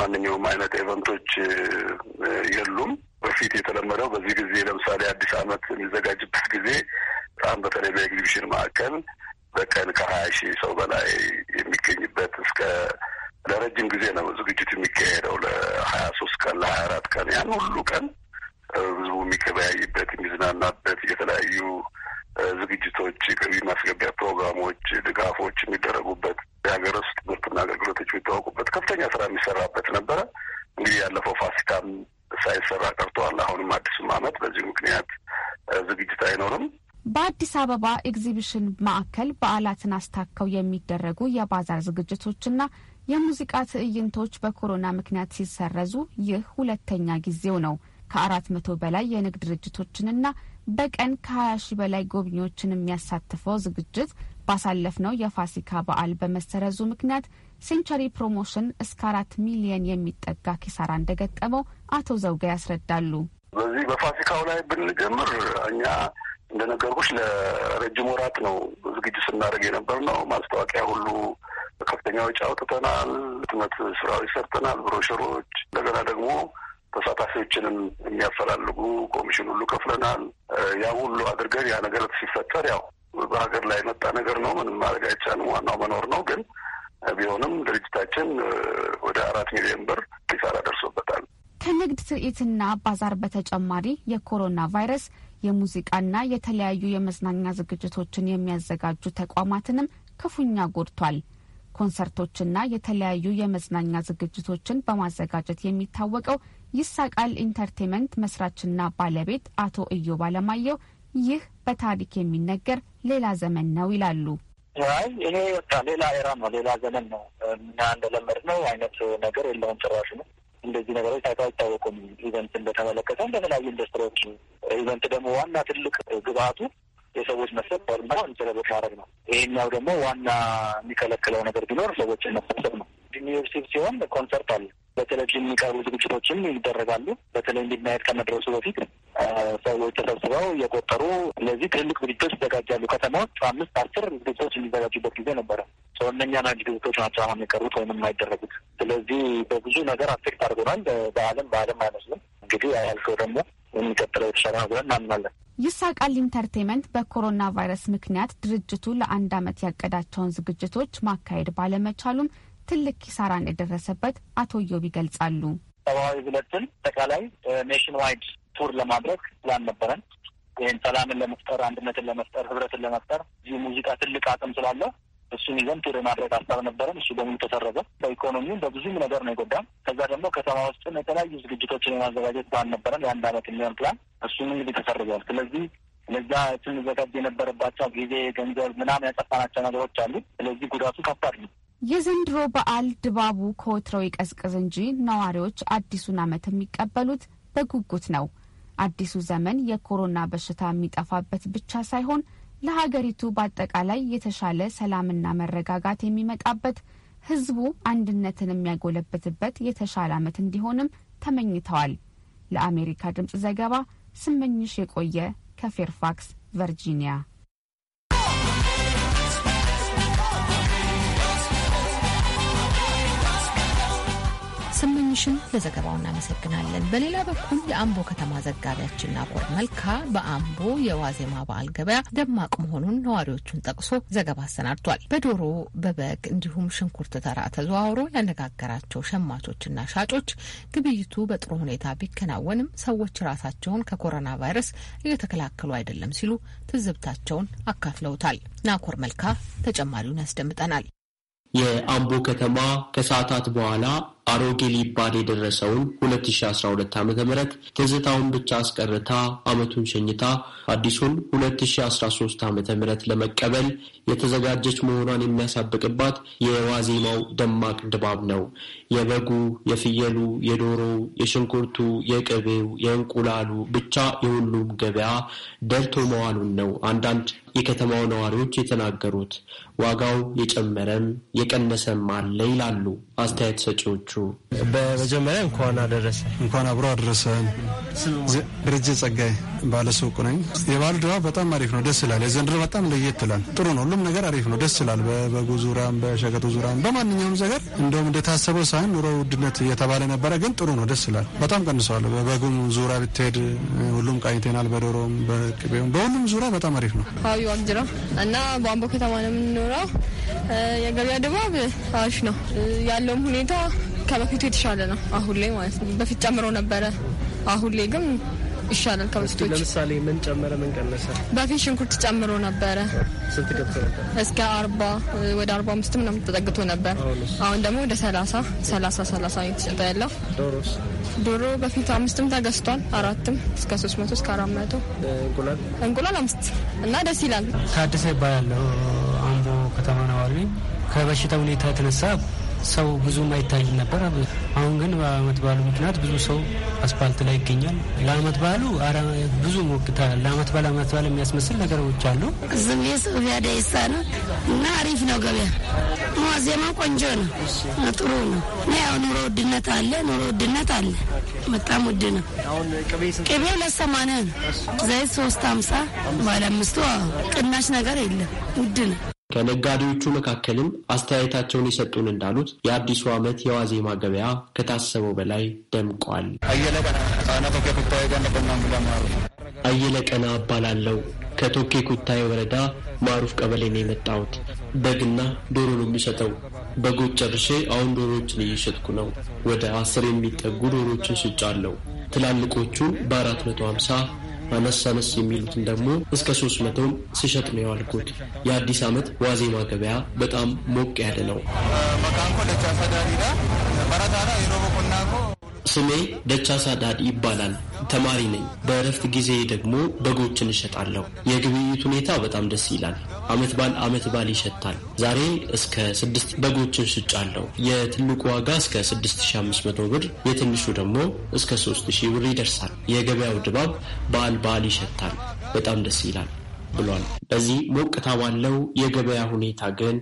ማንኛውም አይነት ኤቨንቶች የሉም። በፊት የተለመደው በዚህ ጊዜ ለምሳሌ አዲስ ዓመት የሚዘጋጅበት ጊዜ በጣም በተለይ በኤግዚቢሽን ማዕከል በቀን ከሀያ ሺህ ሰው በላይ የሚገኝበት እስከ ለረጅም ጊዜ ነው ዝግጅቱ የሚካሄደው። ለሀያ ሶስት ቀን ለሀያ አራት ቀን ያን ሁሉ ቀን ህዝቡ የሚከበያይበት የሚዝናናበት የተለያዩ ዝግጅቶች፣ ገቢ ማስገቢያ ፕሮግራሞች፣ ድጋፎች የሚደረጉበት የሀገር ውስጥ ምርትና አገልግሎቶች የሚታወቁበት ከፍተኛ ስራ የሚሰራበት ነበረ። እንግዲህ ያለፈው ፋሲካም ሳይሰራ ቀርተዋል። አሁንም አዲሱም ዓመት በዚህ ምክንያት ዝግጅት አይኖርም። በአዲስ አበባ ኤግዚቢሽን ማዕከል በዓላትን አስታከው የሚደረጉ የባዛር ዝግጅቶችና የሙዚቃ ትዕይንቶች በኮሮና ምክንያት ሲሰረዙ ይህ ሁለተኛ ጊዜው ነው። ከአራት መቶ በላይ የንግድ ድርጅቶችንና በቀን ከ20 ሺ በላይ ጎብኚዎችን የሚያሳትፈው ዝግጅት ባሳለፍነው የፋሲካ በዓል በመሰረዙ ምክንያት ሴንቸሪ ፕሮሞሽን እስከ አራት ሚሊየን የሚጠጋ ኪሳራ እንደገጠመው አቶ ዘውጋ ያስረዳሉ። በዚህ በፋሲካው ላይ ብንጀምር እኛ እንደነገርኩሽ ለረጅም ወራት ነው ዝግጅት ስናደርግ የነበር ነው። ማስታወቂያ ሁሉ በከፍተኛ ወጪ አውጥተናል። ህትመት ስራዎች ሰርተናል፣ ብሮሸሮች። እንደገና ደግሞ ተሳታፊዎችንም የሚያፈላልጉ ኮሚሽን ሁሉ ከፍለናል። ያ ሁሉ አድርገን ያ ነገር ሲፈጠር ያው በሀገር ላይ መጣ ነገር ነው። ምንም ማድረግ አይቻልም። ዋናው መኖር ነው። ግን ቢሆንም ድርጅታችን ወደ አራት ሚሊዮን ብር ኪሳራ ደርሶበታል። ከንግድ ትርኢትና ባዛር በተጨማሪ የኮሮና ቫይረስ የሙዚቃና የተለያዩ የመዝናኛ ዝግጅቶችን የሚያዘጋጁ ተቋማትንም ክፉኛ ጎድቷል። ኮንሰርቶችና የተለያዩ የመዝናኛ ዝግጅቶችን በማዘጋጀት የሚታወቀው ይሳቃል ኢንተርቴንመንት መስራችና ባለቤት አቶ እዮ ባለማየሁ ይህ በታሪክ የሚነገር ሌላ ዘመን ነው ይላሉ። ይሄ በቃ ሌላ ኤራ ነው፣ ሌላ ዘመን ነው እና እንደለመድ ነው አይነት ነገር የለውም ጭራሽ ነው። እንደዚህ ነገሮች ታይቶ አይታወቁም። ኢቨንትን በተመለከተ በተለያዩ ኢንዱስትሪዎች ኢቨንት ደግሞ ዋና ትልቅ ግብአቱ የሰዎች መሰብ እና እንጨለበት ማድረግ ነው። ይሄኛው ደግሞ ዋና የሚከለክለው ነገር ቢኖር ሰዎችን መሰብሰብ ነው። ኒውዮርክ ሲሆን ኮንሰርት አለ በቴሌቪዥን የሚቀርቡ ዝግጅቶችም ይደረጋሉ። በተለይ እንዲናየት ከመድረሱ በፊት ሰዎች ተሰብስበው የቆጠሩ እነዚህ ትልልቅ ዝግጅቶች ይዘጋጃሉ። ከተማዎች አምስት አስር ዝግጅቶች የሚዘጋጁበት ጊዜ ነበረ። ሰው እነኛ ዝግጅቶች ናቸው አሁን የቀሩት ወይም የማይደረጉት። ስለዚህ በብዙ ነገር አፌክት አድርጎናል። በዓለም በዓለም አይመስልም እንግዲህ ያህልከው ደግሞ የሚቀጥለው የተሻለ ነው ብለን እናምናለን። ይሳቃል ኢንተርቴንመንት በኮሮና ቫይረስ ምክንያት ድርጅቱ ለአንድ ዓመት ያቀዳቸውን ዝግጅቶች ማካሄድ ባለመቻሉም ትልቅ ኪሳራ እንደደረሰበት አቶ ዮብ ይገልጻሉ። ሰብአዊ ብለትን አጠቃላይ ኔሽን ዋይድ ቱር ለማድረግ ፕላን ነበረን። ይህን ሰላምን ለመፍጠር፣ አንድነትን ለመፍጠር፣ ህብረትን ለመፍጠር እዚህ ሙዚቃ ትልቅ አቅም ስላለው እሱን ይዘን ቱር የማድረግ ሀሳብ ነበረን። እሱ በሙሉ ተሰረዘ። በኢኮኖሚውም በብዙም ነገር ነው የጎዳም። ከዛ ደግሞ ከተማ ውስጥም የተለያዩ ዝግጅቶችን የማዘጋጀት ፕላን ነበረን፣ የአንድ አመት የሚሆን ፕላን። እሱም እንግዲህ ተሰርዘዋል። ስለዚህ ለዛ ስንዘጋጅ የነበረባቸው ጊዜ፣ ገንዘብ ምናምን ያጠፋናቸው ነገሮች አሉ። ስለዚህ ጉዳቱ ከባድ ነው። የዘንድሮ በዓል ድባቡ ከወትረው ይቀዝቅዝ እንጂ ነዋሪዎች አዲሱን ዓመት የሚቀበሉት በጉጉት ነው። አዲሱ ዘመን የኮሮና በሽታ የሚጠፋበት ብቻ ሳይሆን ለሀገሪቱ በአጠቃላይ የተሻለ ሰላምና መረጋጋት የሚመጣበት ህዝቡ አንድነትን የሚያጎለብትበት የተሻለ ዓመት እንዲሆንም ተመኝተዋል። ለአሜሪካ ድምፅ ዘገባ ስመኝሽ የቆየ ከፌርፋክስ ቨርጂኒያ ስመኝሽን ለዘገባው እናመሰግናለን። በሌላ በኩል የአምቦ ከተማ ዘጋቢያችን ናኮር መልካ በአምቦ የዋዜማ በዓል ገበያ ደማቅ መሆኑን ነዋሪዎቹን ጠቅሶ ዘገባ አሰናድቷል። በዶሮ በበግ እንዲሁም ሽንኩርት ተራ ተዘዋውሮ ያነጋገራቸው ሸማቾችና ሻጮች ግብይቱ በጥሩ ሁኔታ ቢከናወንም ሰዎች ራሳቸውን ከኮሮና ቫይረስ እየተከላከሉ አይደለም ሲሉ ትዝብታቸውን አካፍለውታል። ናኮር መልካ ተጨማሪውን ያስደምጠናል። የአምቦ ከተማ ከሰዓታት በኋላ አሮጌ ሊባል የደረሰውን 2012 ዓ ም ትዝታውን ብቻ አስቀርታ ዓመቱን ሸኝታ አዲሱን 2013 ዓ ም ለመቀበል የተዘጋጀች መሆኗን የሚያሳብቅባት የዋዜማው ደማቅ ድባብ ነው። የበጉ፣ የፍየሉ፣ የዶሮው፣ የሽንኩርቱ፣ የቅቤው፣ የእንቁላሉ ብቻ የሁሉም ገበያ ደርቶ መዋሉን ነው አንዳንድ የከተማው ነዋሪዎች የተናገሩት። ዋጋው የጨመረም የቀነሰም አለ ይላሉ። አስተያየት ሰጪዎቹ በመጀመሪያ እንኳን አደረሰ እንኳን አብሮ አደረሰን። ድርጅት ጸጋይ ባለሱቅ ነኝ። የበዓሉ ድባብ በጣም አሪፍ ነው፣ ደስ ይላል። የዘንድሮ በጣም ለየት ይላል። ጥሩ ነው፣ ሁሉም ነገር አሪፍ ነው፣ ደስ ይላል። በበጉ ዙሪያም፣ በሸቀጡ ዙሪያም፣ በማንኛውም ነገር እንደውም እንደታሰበው ሳይሆን ኑሮ ውድነት እየተባለ ነበረ፣ ግን ጥሩ ነው፣ ደስ ይላል። በጣም ቀንሰዋል። በበጉም ዙሪያ ብትሄድ ሁሉም ቃኝቴናል። በዶሮም፣ በቅቤውም፣ በሁሉም ዙሪያ በጣም አሪፍ ነው እና በአምቦ ከተማ ነው የምንኖረው የገበያ ድባብ አሪፍ ነው። ያለውም ሁኔታ ከበፊቱ የተሻለ ነው፣ አሁን ላይ ማለት ነው። በፊት ጨምሮ ነበረ፣ አሁን ላይ ግን ይሻላል ከበፊቶች። ለምሳሌ ምን ጨመረ? ምን ቀነሰ? በፊት ሽንኩርት ጨምሮ ነበረ። ስንት ገብቶ ነበር? እስከ አርባ ወደ አርባ አምስት ምናምን ተጠግቶ ነበር። አሁን ደግሞ ወደ ሰላሳ ሰላሳ ሰላሳ የተሸጠ ያለው ዶሮስ ዶሮ በፊት አምስትም ተገዝቷል አራትም እስከ ሶስት መቶ እስከ አራት መቶ እንቁላል እንቁላል አምስት እና ደስ ይላል። ከአዲስ ይባላለሁ ላይ ከበሽታ ሁኔታ የተነሳ ሰው ብዙም አይታይ ነበር። አሁን ግን በአመት በዓሉ ምክንያት ብዙ ሰው አስፓልት ላይ ይገኛል። ለአመት በዓሉ ብዙ ሞቅታ ለአመት በዓል አመት በዓል የሚያስመስል ነገሮች አሉ። ዝም ሶፊያ ደይሳ ነው እና አሪፍ ነው ገበያ ዜማ ቆንጆ ነው፣ ጥሩ ነው። ያው ኑሮ ውድነት አለ፣ ኑሮ ውድነት አለ፣ በጣም ውድ ነው። ቅቤ ሁለት ነው፣ ዘይት ሶስት ሀምሳ ባለ አምስቱ ቅናሽ ነገር የለም ውድ ነው። ከነጋዴዎቹ መካከልም አስተያየታቸውን የሰጡን እንዳሉት የአዲሱ ዓመት የዋዜማ ገበያ ከታሰበው በላይ ደምቋል። አየለ ቀና እባላለሁ። ከቶኬ ኩታዬ ወረዳ ማሩፍ ቀበሌ ነው የመጣሁት። በግና ዶሮ ነው የሚሸጠው። በጎች ጨርሼ አሁን ዶሮዎችን እየሸጥኩ ነው። ወደ አስር የሚጠጉ ዶሮዎችን ሽጫለሁ። ትላልቆቹ በአራት መቶ ሀምሳ አነስ አነስ የሚሉትን ደግሞ እስከ ሶስት መቶም ስሸጥ ነው የዋልኩት። የአዲስ ዓመት ዋዜማ ገበያ በጣም ሞቅ ያለ ነው። ስሜ ደቻሳ ዳድ ይባላል። ተማሪ ነኝ። በእረፍት ጊዜ ደግሞ በጎችን እሸጣለሁ። የግብይት ሁኔታ በጣም ደስ ይላል። አመት ባል አመት ባል ይሸታል። ዛሬ እስከ ስድስት በጎችን ሽጫለሁ። የትልቁ ዋጋ እስከ 6500 ብር፣ የትንሹ ደግሞ እስከ 3000 ብር ይደርሳል። የገበያው ድባብ በዓል በዓል ይሸታል። በጣም ደስ ይላል ብሏል። በዚህ ሞቅታ ባለው የገበያ ሁኔታ ግን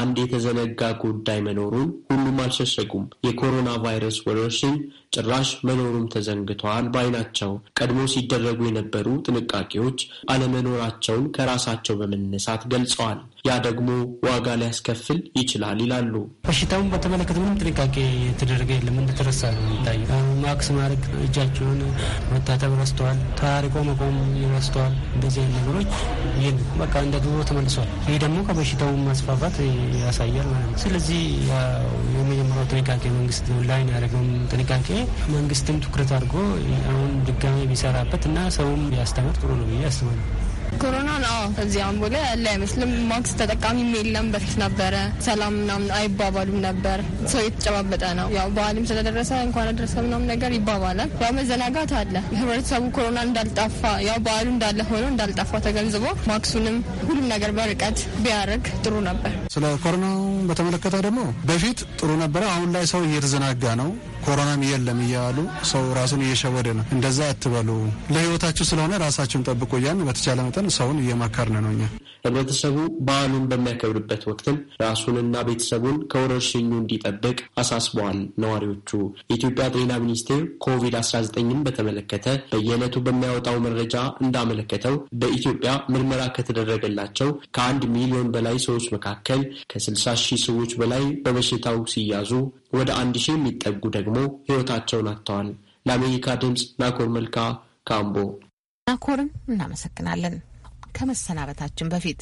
አንድ የተዘነጋ ጉዳይ መኖሩን ሁሉም አልሸሸጉም። የኮሮና ቫይረስ ወረርሽኝ ጭራሽ መኖሩም ተዘንግተዋል ባይ ናቸው። ቀድሞ ሲደረጉ የነበሩ ጥንቃቄዎች አለመኖራቸውን ከራሳቸው በመነሳት ገልጸዋል። ያ ደግሞ ዋጋ ሊያስከፍል ይችላል ይላሉ። በሽታውን በተመለከተ ምንም ጥንቃቄ የተደረገ የለም። እንደተረሳ ነው የሚታየ። ማክስ ማድረግ፣ እጃቸውን መታጠብ ረስተዋል። ታሪቆ መቆም ይረስተዋል። እንደዚህ አይነት ነገሮች ይህን በቃ እንደ ድሮ ተመልሷል። ይህ ደግሞ ከበሽታው ማስፋፋት ያሳያል ማለት ነው። ስለዚህ የመጀመሪያው ጥንቃቄ መንግስት ላይን ያደረገው ጥንቃቄ መንግስትም ትኩረት አድርጎ አሁን ድጋሚ ቢሰራበት እና ሰውም ቢያስተምር ጥሩ ነው ብዬ አስባለሁ። ኮሮና አዎ እዚህ አምቦ ላይ ያለ አይመስልም። ማክስ ተጠቃሚም የለም። በፊት ነበረ ሰላም ምናምን አይባባሉም ነበር። ሰው የተጨባበጠ ነው። ያው በዓልም ስለደረሰ እንኳን አደረሰ ምናምን ነገር ይባባላል። ያው መዘናጋት አለ። ህብረተሰቡ ኮሮና እንዳልጠፋ ያው በዓሉ እንዳለ ሆኖ እንዳልጠፋ ተገንዝቦ ማክሱንም ሁሉም ነገር በርቀት ቢያደርግ ጥሩ ነበር። ስለ ኮሮናው በተመለከተ ደግሞ በፊት ጥሩ ነበረ። አሁን ላይ ሰው እየተዘናጋ ነው። ኮሮናም የለም እያሉ ሰው ራሱን እየሸወደ ነው። እንደዛ አትበሉ፣ ለህይወታችሁ ስለሆነ ራሳችሁን ጠብቁ እያን በተቻለ መጠን ሰውን እየመከርን ነው እኛ ህብረተሰቡ በዓሉን በሚያከብርበት ወቅትም ራሱንና ቤተሰቡን ከወረርሽኙ እንዲጠብቅ አሳስበዋል ነዋሪዎቹ። የኢትዮጵያ ጤና ሚኒስቴር ኮቪድ-19ን በተመለከተ በየዕለቱ በሚያወጣው መረጃ እንዳመለከተው በኢትዮጵያ ምርመራ ከተደረገላቸው ከአንድ ሚሊዮን በላይ ሰዎች መካከል ከ60 ሺህ ሰዎች በላይ በበሽታው ሲያዙ ወደ አንድ ሺህ የሚጠጉ ደግሞ ደግሞ ህይወታቸውን አጥተዋል። ለአሜሪካ ድምፅ ናኮር መልካ ካምቦ። ናኮርን እናመሰግናለን። ከመሰናበታችን በፊት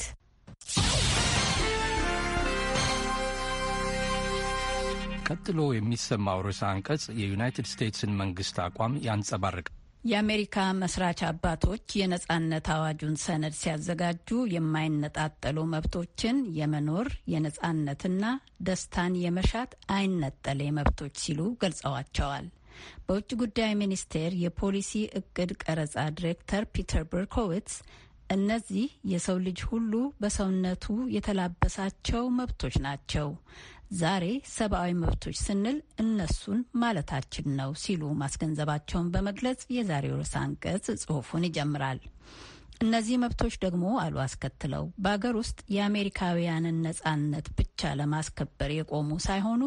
ቀጥሎ የሚሰማው ርዕሰ አንቀጽ የዩናይትድ ስቴትስን መንግስት አቋም ያንጸባርቃል። የአሜሪካ መስራች አባቶች የነጻነት አዋጁን ሰነድ ሲያዘጋጁ የማይነጣጠሉ መብቶችን የመኖር የነጻነትና ደስታን የመሻት አይነጠሌ መብቶች ሲሉ ገልጸዋቸዋል። በውጭ ጉዳይ ሚኒስቴር የፖሊሲ እቅድ ቀረጻ ዲሬክተር ፒተር ብርኮዊትስ እነዚህ የሰው ልጅ ሁሉ በሰውነቱ የተላበሳቸው መብቶች ናቸው። ዛሬ ሰብአዊ መብቶች ስንል እነሱን ማለታችን ነው ሲሉ ማስገንዘባቸውን በመግለጽ የዛሬው ርዕሰ አንቀጽ ጽሑፉን ይጀምራል። እነዚህ መብቶች ደግሞ አሉ አስከትለው በአገር ውስጥ የአሜሪካውያንን ነጻነት ብቻ ለማስከበር የቆሙ ሳይሆኑ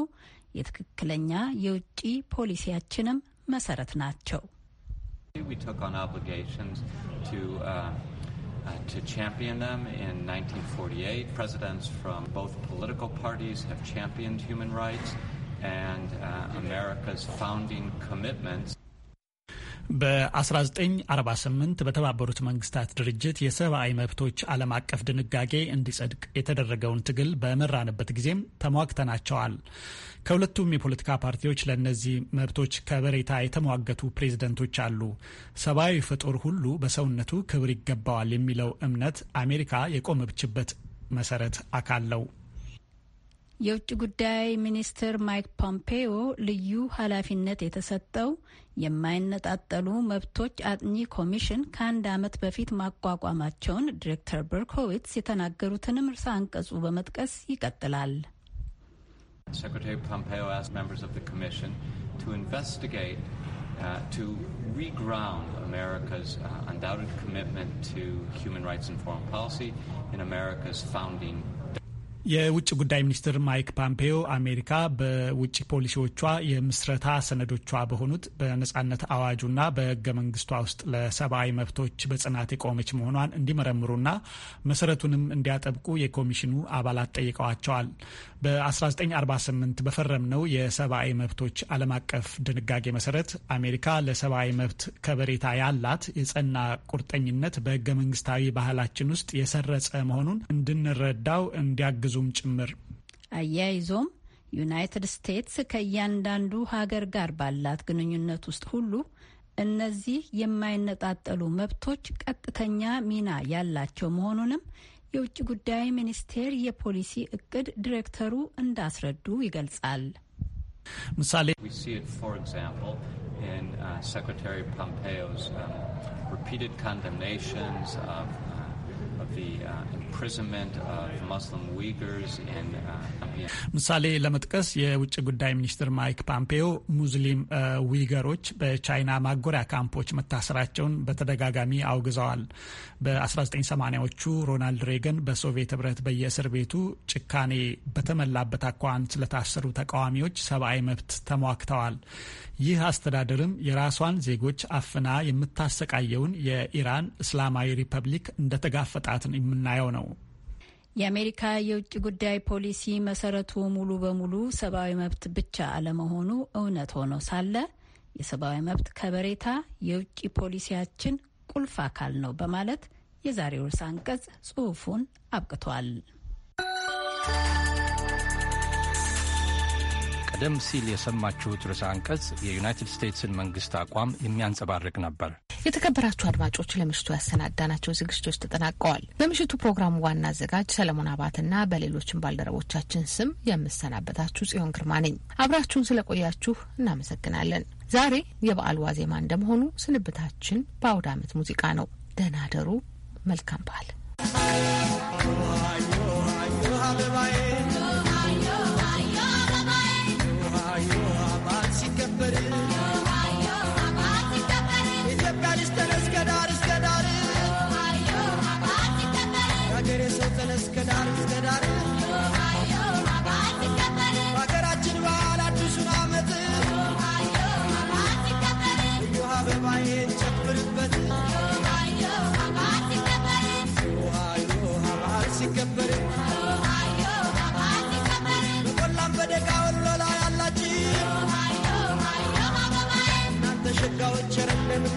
የትክክለኛ የውጭ ፖሊሲያችንም መሰረት ናቸው። Uh, to champion them in 1948. Presidents from both political parties have championed human rights and uh, America's founding commitments. በ1948 በተባበሩት መንግስታት ድርጅት የሰብአዊ መብቶች ዓለም አቀፍ ድንጋጌ እንዲጸድቅ የተደረገውን ትግል በመራንበት ጊዜም ተሟግተናቸዋል። ከሁለቱም የፖለቲካ ፓርቲዎች ለእነዚህ መብቶች ከበሬታ የተሟገቱ ፕሬዝደንቶች አሉ። ሰብአዊ ፍጡር ሁሉ በሰውነቱ ክብር ይገባዋል የሚለው እምነት አሜሪካ የቆመችበት መሰረት አካል ነው። የውጭ ጉዳይ ሚኒስትር ማይክ ፖምፔዮ ልዩ ኃላፊነት የተሰጠው የማይነጣጠሉ መብቶች አጥኚ ኮሚሽን ከአንድ ዓመት በፊት ማቋቋማቸውን ዲሬክተር በርኮዊትስ የተናገሩትንም እርሳ አንቀጹ በመጥቀስ ይቀጥላል። Secretary Pompeo asked members of the Commission to investigate, uh, to reground America's uh, undoubted commitment to human rights and foreign policy in America's founding የውጭ ጉዳይ ሚኒስትር ማይክ ፓምፔዮ አሜሪካ በውጭ ፖሊሲዎቿ የምስረታ ሰነዶቿ በሆኑት በነጻነት አዋጁና በህገ መንግስቷ ውስጥ ለሰብአዊ መብቶች በጽናት የቆመች መሆኗን እንዲመረምሩና መሰረቱንም እንዲያጠብቁ የኮሚሽኑ አባላት ጠይቀዋቸዋል። በ1948 በፈረምነው የሰብአዊ መብቶች ዓለም አቀፍ ድንጋጌ መሰረት አሜሪካ ለሰብአዊ መብት ከበሬታ ያላት የጸና ቁርጠኝነት በህገ መንግስታዊ ባህላችን ውስጥ የሰረጸ መሆኑን እንድንረዳው እንዲያግዙ ሲያዙም ጭምር። አያይዞም ዩናይትድ ስቴትስ ከእያንዳንዱ ሀገር ጋር ባላት ግንኙነት ውስጥ ሁሉ እነዚህ የማይነጣጠሉ መብቶች ቀጥተኛ ሚና ያላቸው መሆኑንም የውጭ ጉዳይ ሚኒስቴር የፖሊሲ እቅድ ዲሬክተሩ እንዳስረዱ ይገልጻል። ምሳሌ ፖምፔዮስ Uh, ምሳሌ ለመጥቀስ የውጭ ጉዳይ ሚኒስትር ማይክ ፓምፔዮ ሙስሊም uh, ዊገሮች በቻይና ማጎሪያ ካምፖች መታሰራቸውን በተደጋጋሚ አውግዘዋል። በ1980ዎቹ ሮናልድ ሬገን በሶቪየት ህብረት በየእስር ቤቱ ጭካኔ በተሞላበት አኳን ስለታሰሩ ተቃዋሚዎች ሰብአዊ መብት ተሟግተዋል። ይህ አስተዳደርም የራሷን ዜጎች አፍና የምታሰቃየውን የኢራን እስላማዊ ሪፐብሊክ እንደተጋፈጣትን የምናየው ነው። የአሜሪካ የውጭ ጉዳይ ፖሊሲ መሰረቱ ሙሉ በሙሉ ሰብአዊ መብት ብቻ አለመሆኑ እውነት ሆኖ ሳለ የሰብአዊ መብት ከበሬታ የውጭ ፖሊሲያችን ቁልፍ አካል ነው በማለት የዛሬው ርዕሰ አንቀጽ ጽሑፉን አብቅቷል። ቀደም ሲል የሰማችሁት ርዕሰ አንቀጽ የዩናይትድ ስቴትስን መንግስት አቋም የሚያንጸባርቅ ነበር። የተከበራችሁ አድማጮች ለምሽቱ ያሰናዳናቸው ዝግጅቶች ተጠናቀዋል። በምሽቱ ፕሮግራሙ ዋና አዘጋጅ ሰለሞን አባትና በሌሎችም ባልደረቦቻችን ስም የምሰናበታችሁ ጽዮን ግርማ ነኝ። አብራችሁን ስለቆያችሁ እናመሰግናለን። ዛሬ የበዓል ዋዜማ እንደመሆኑ ስንብታችን በአውደ ዓመት ሙዚቃ ነው። ደህና ደሩ። መልካም በዓል።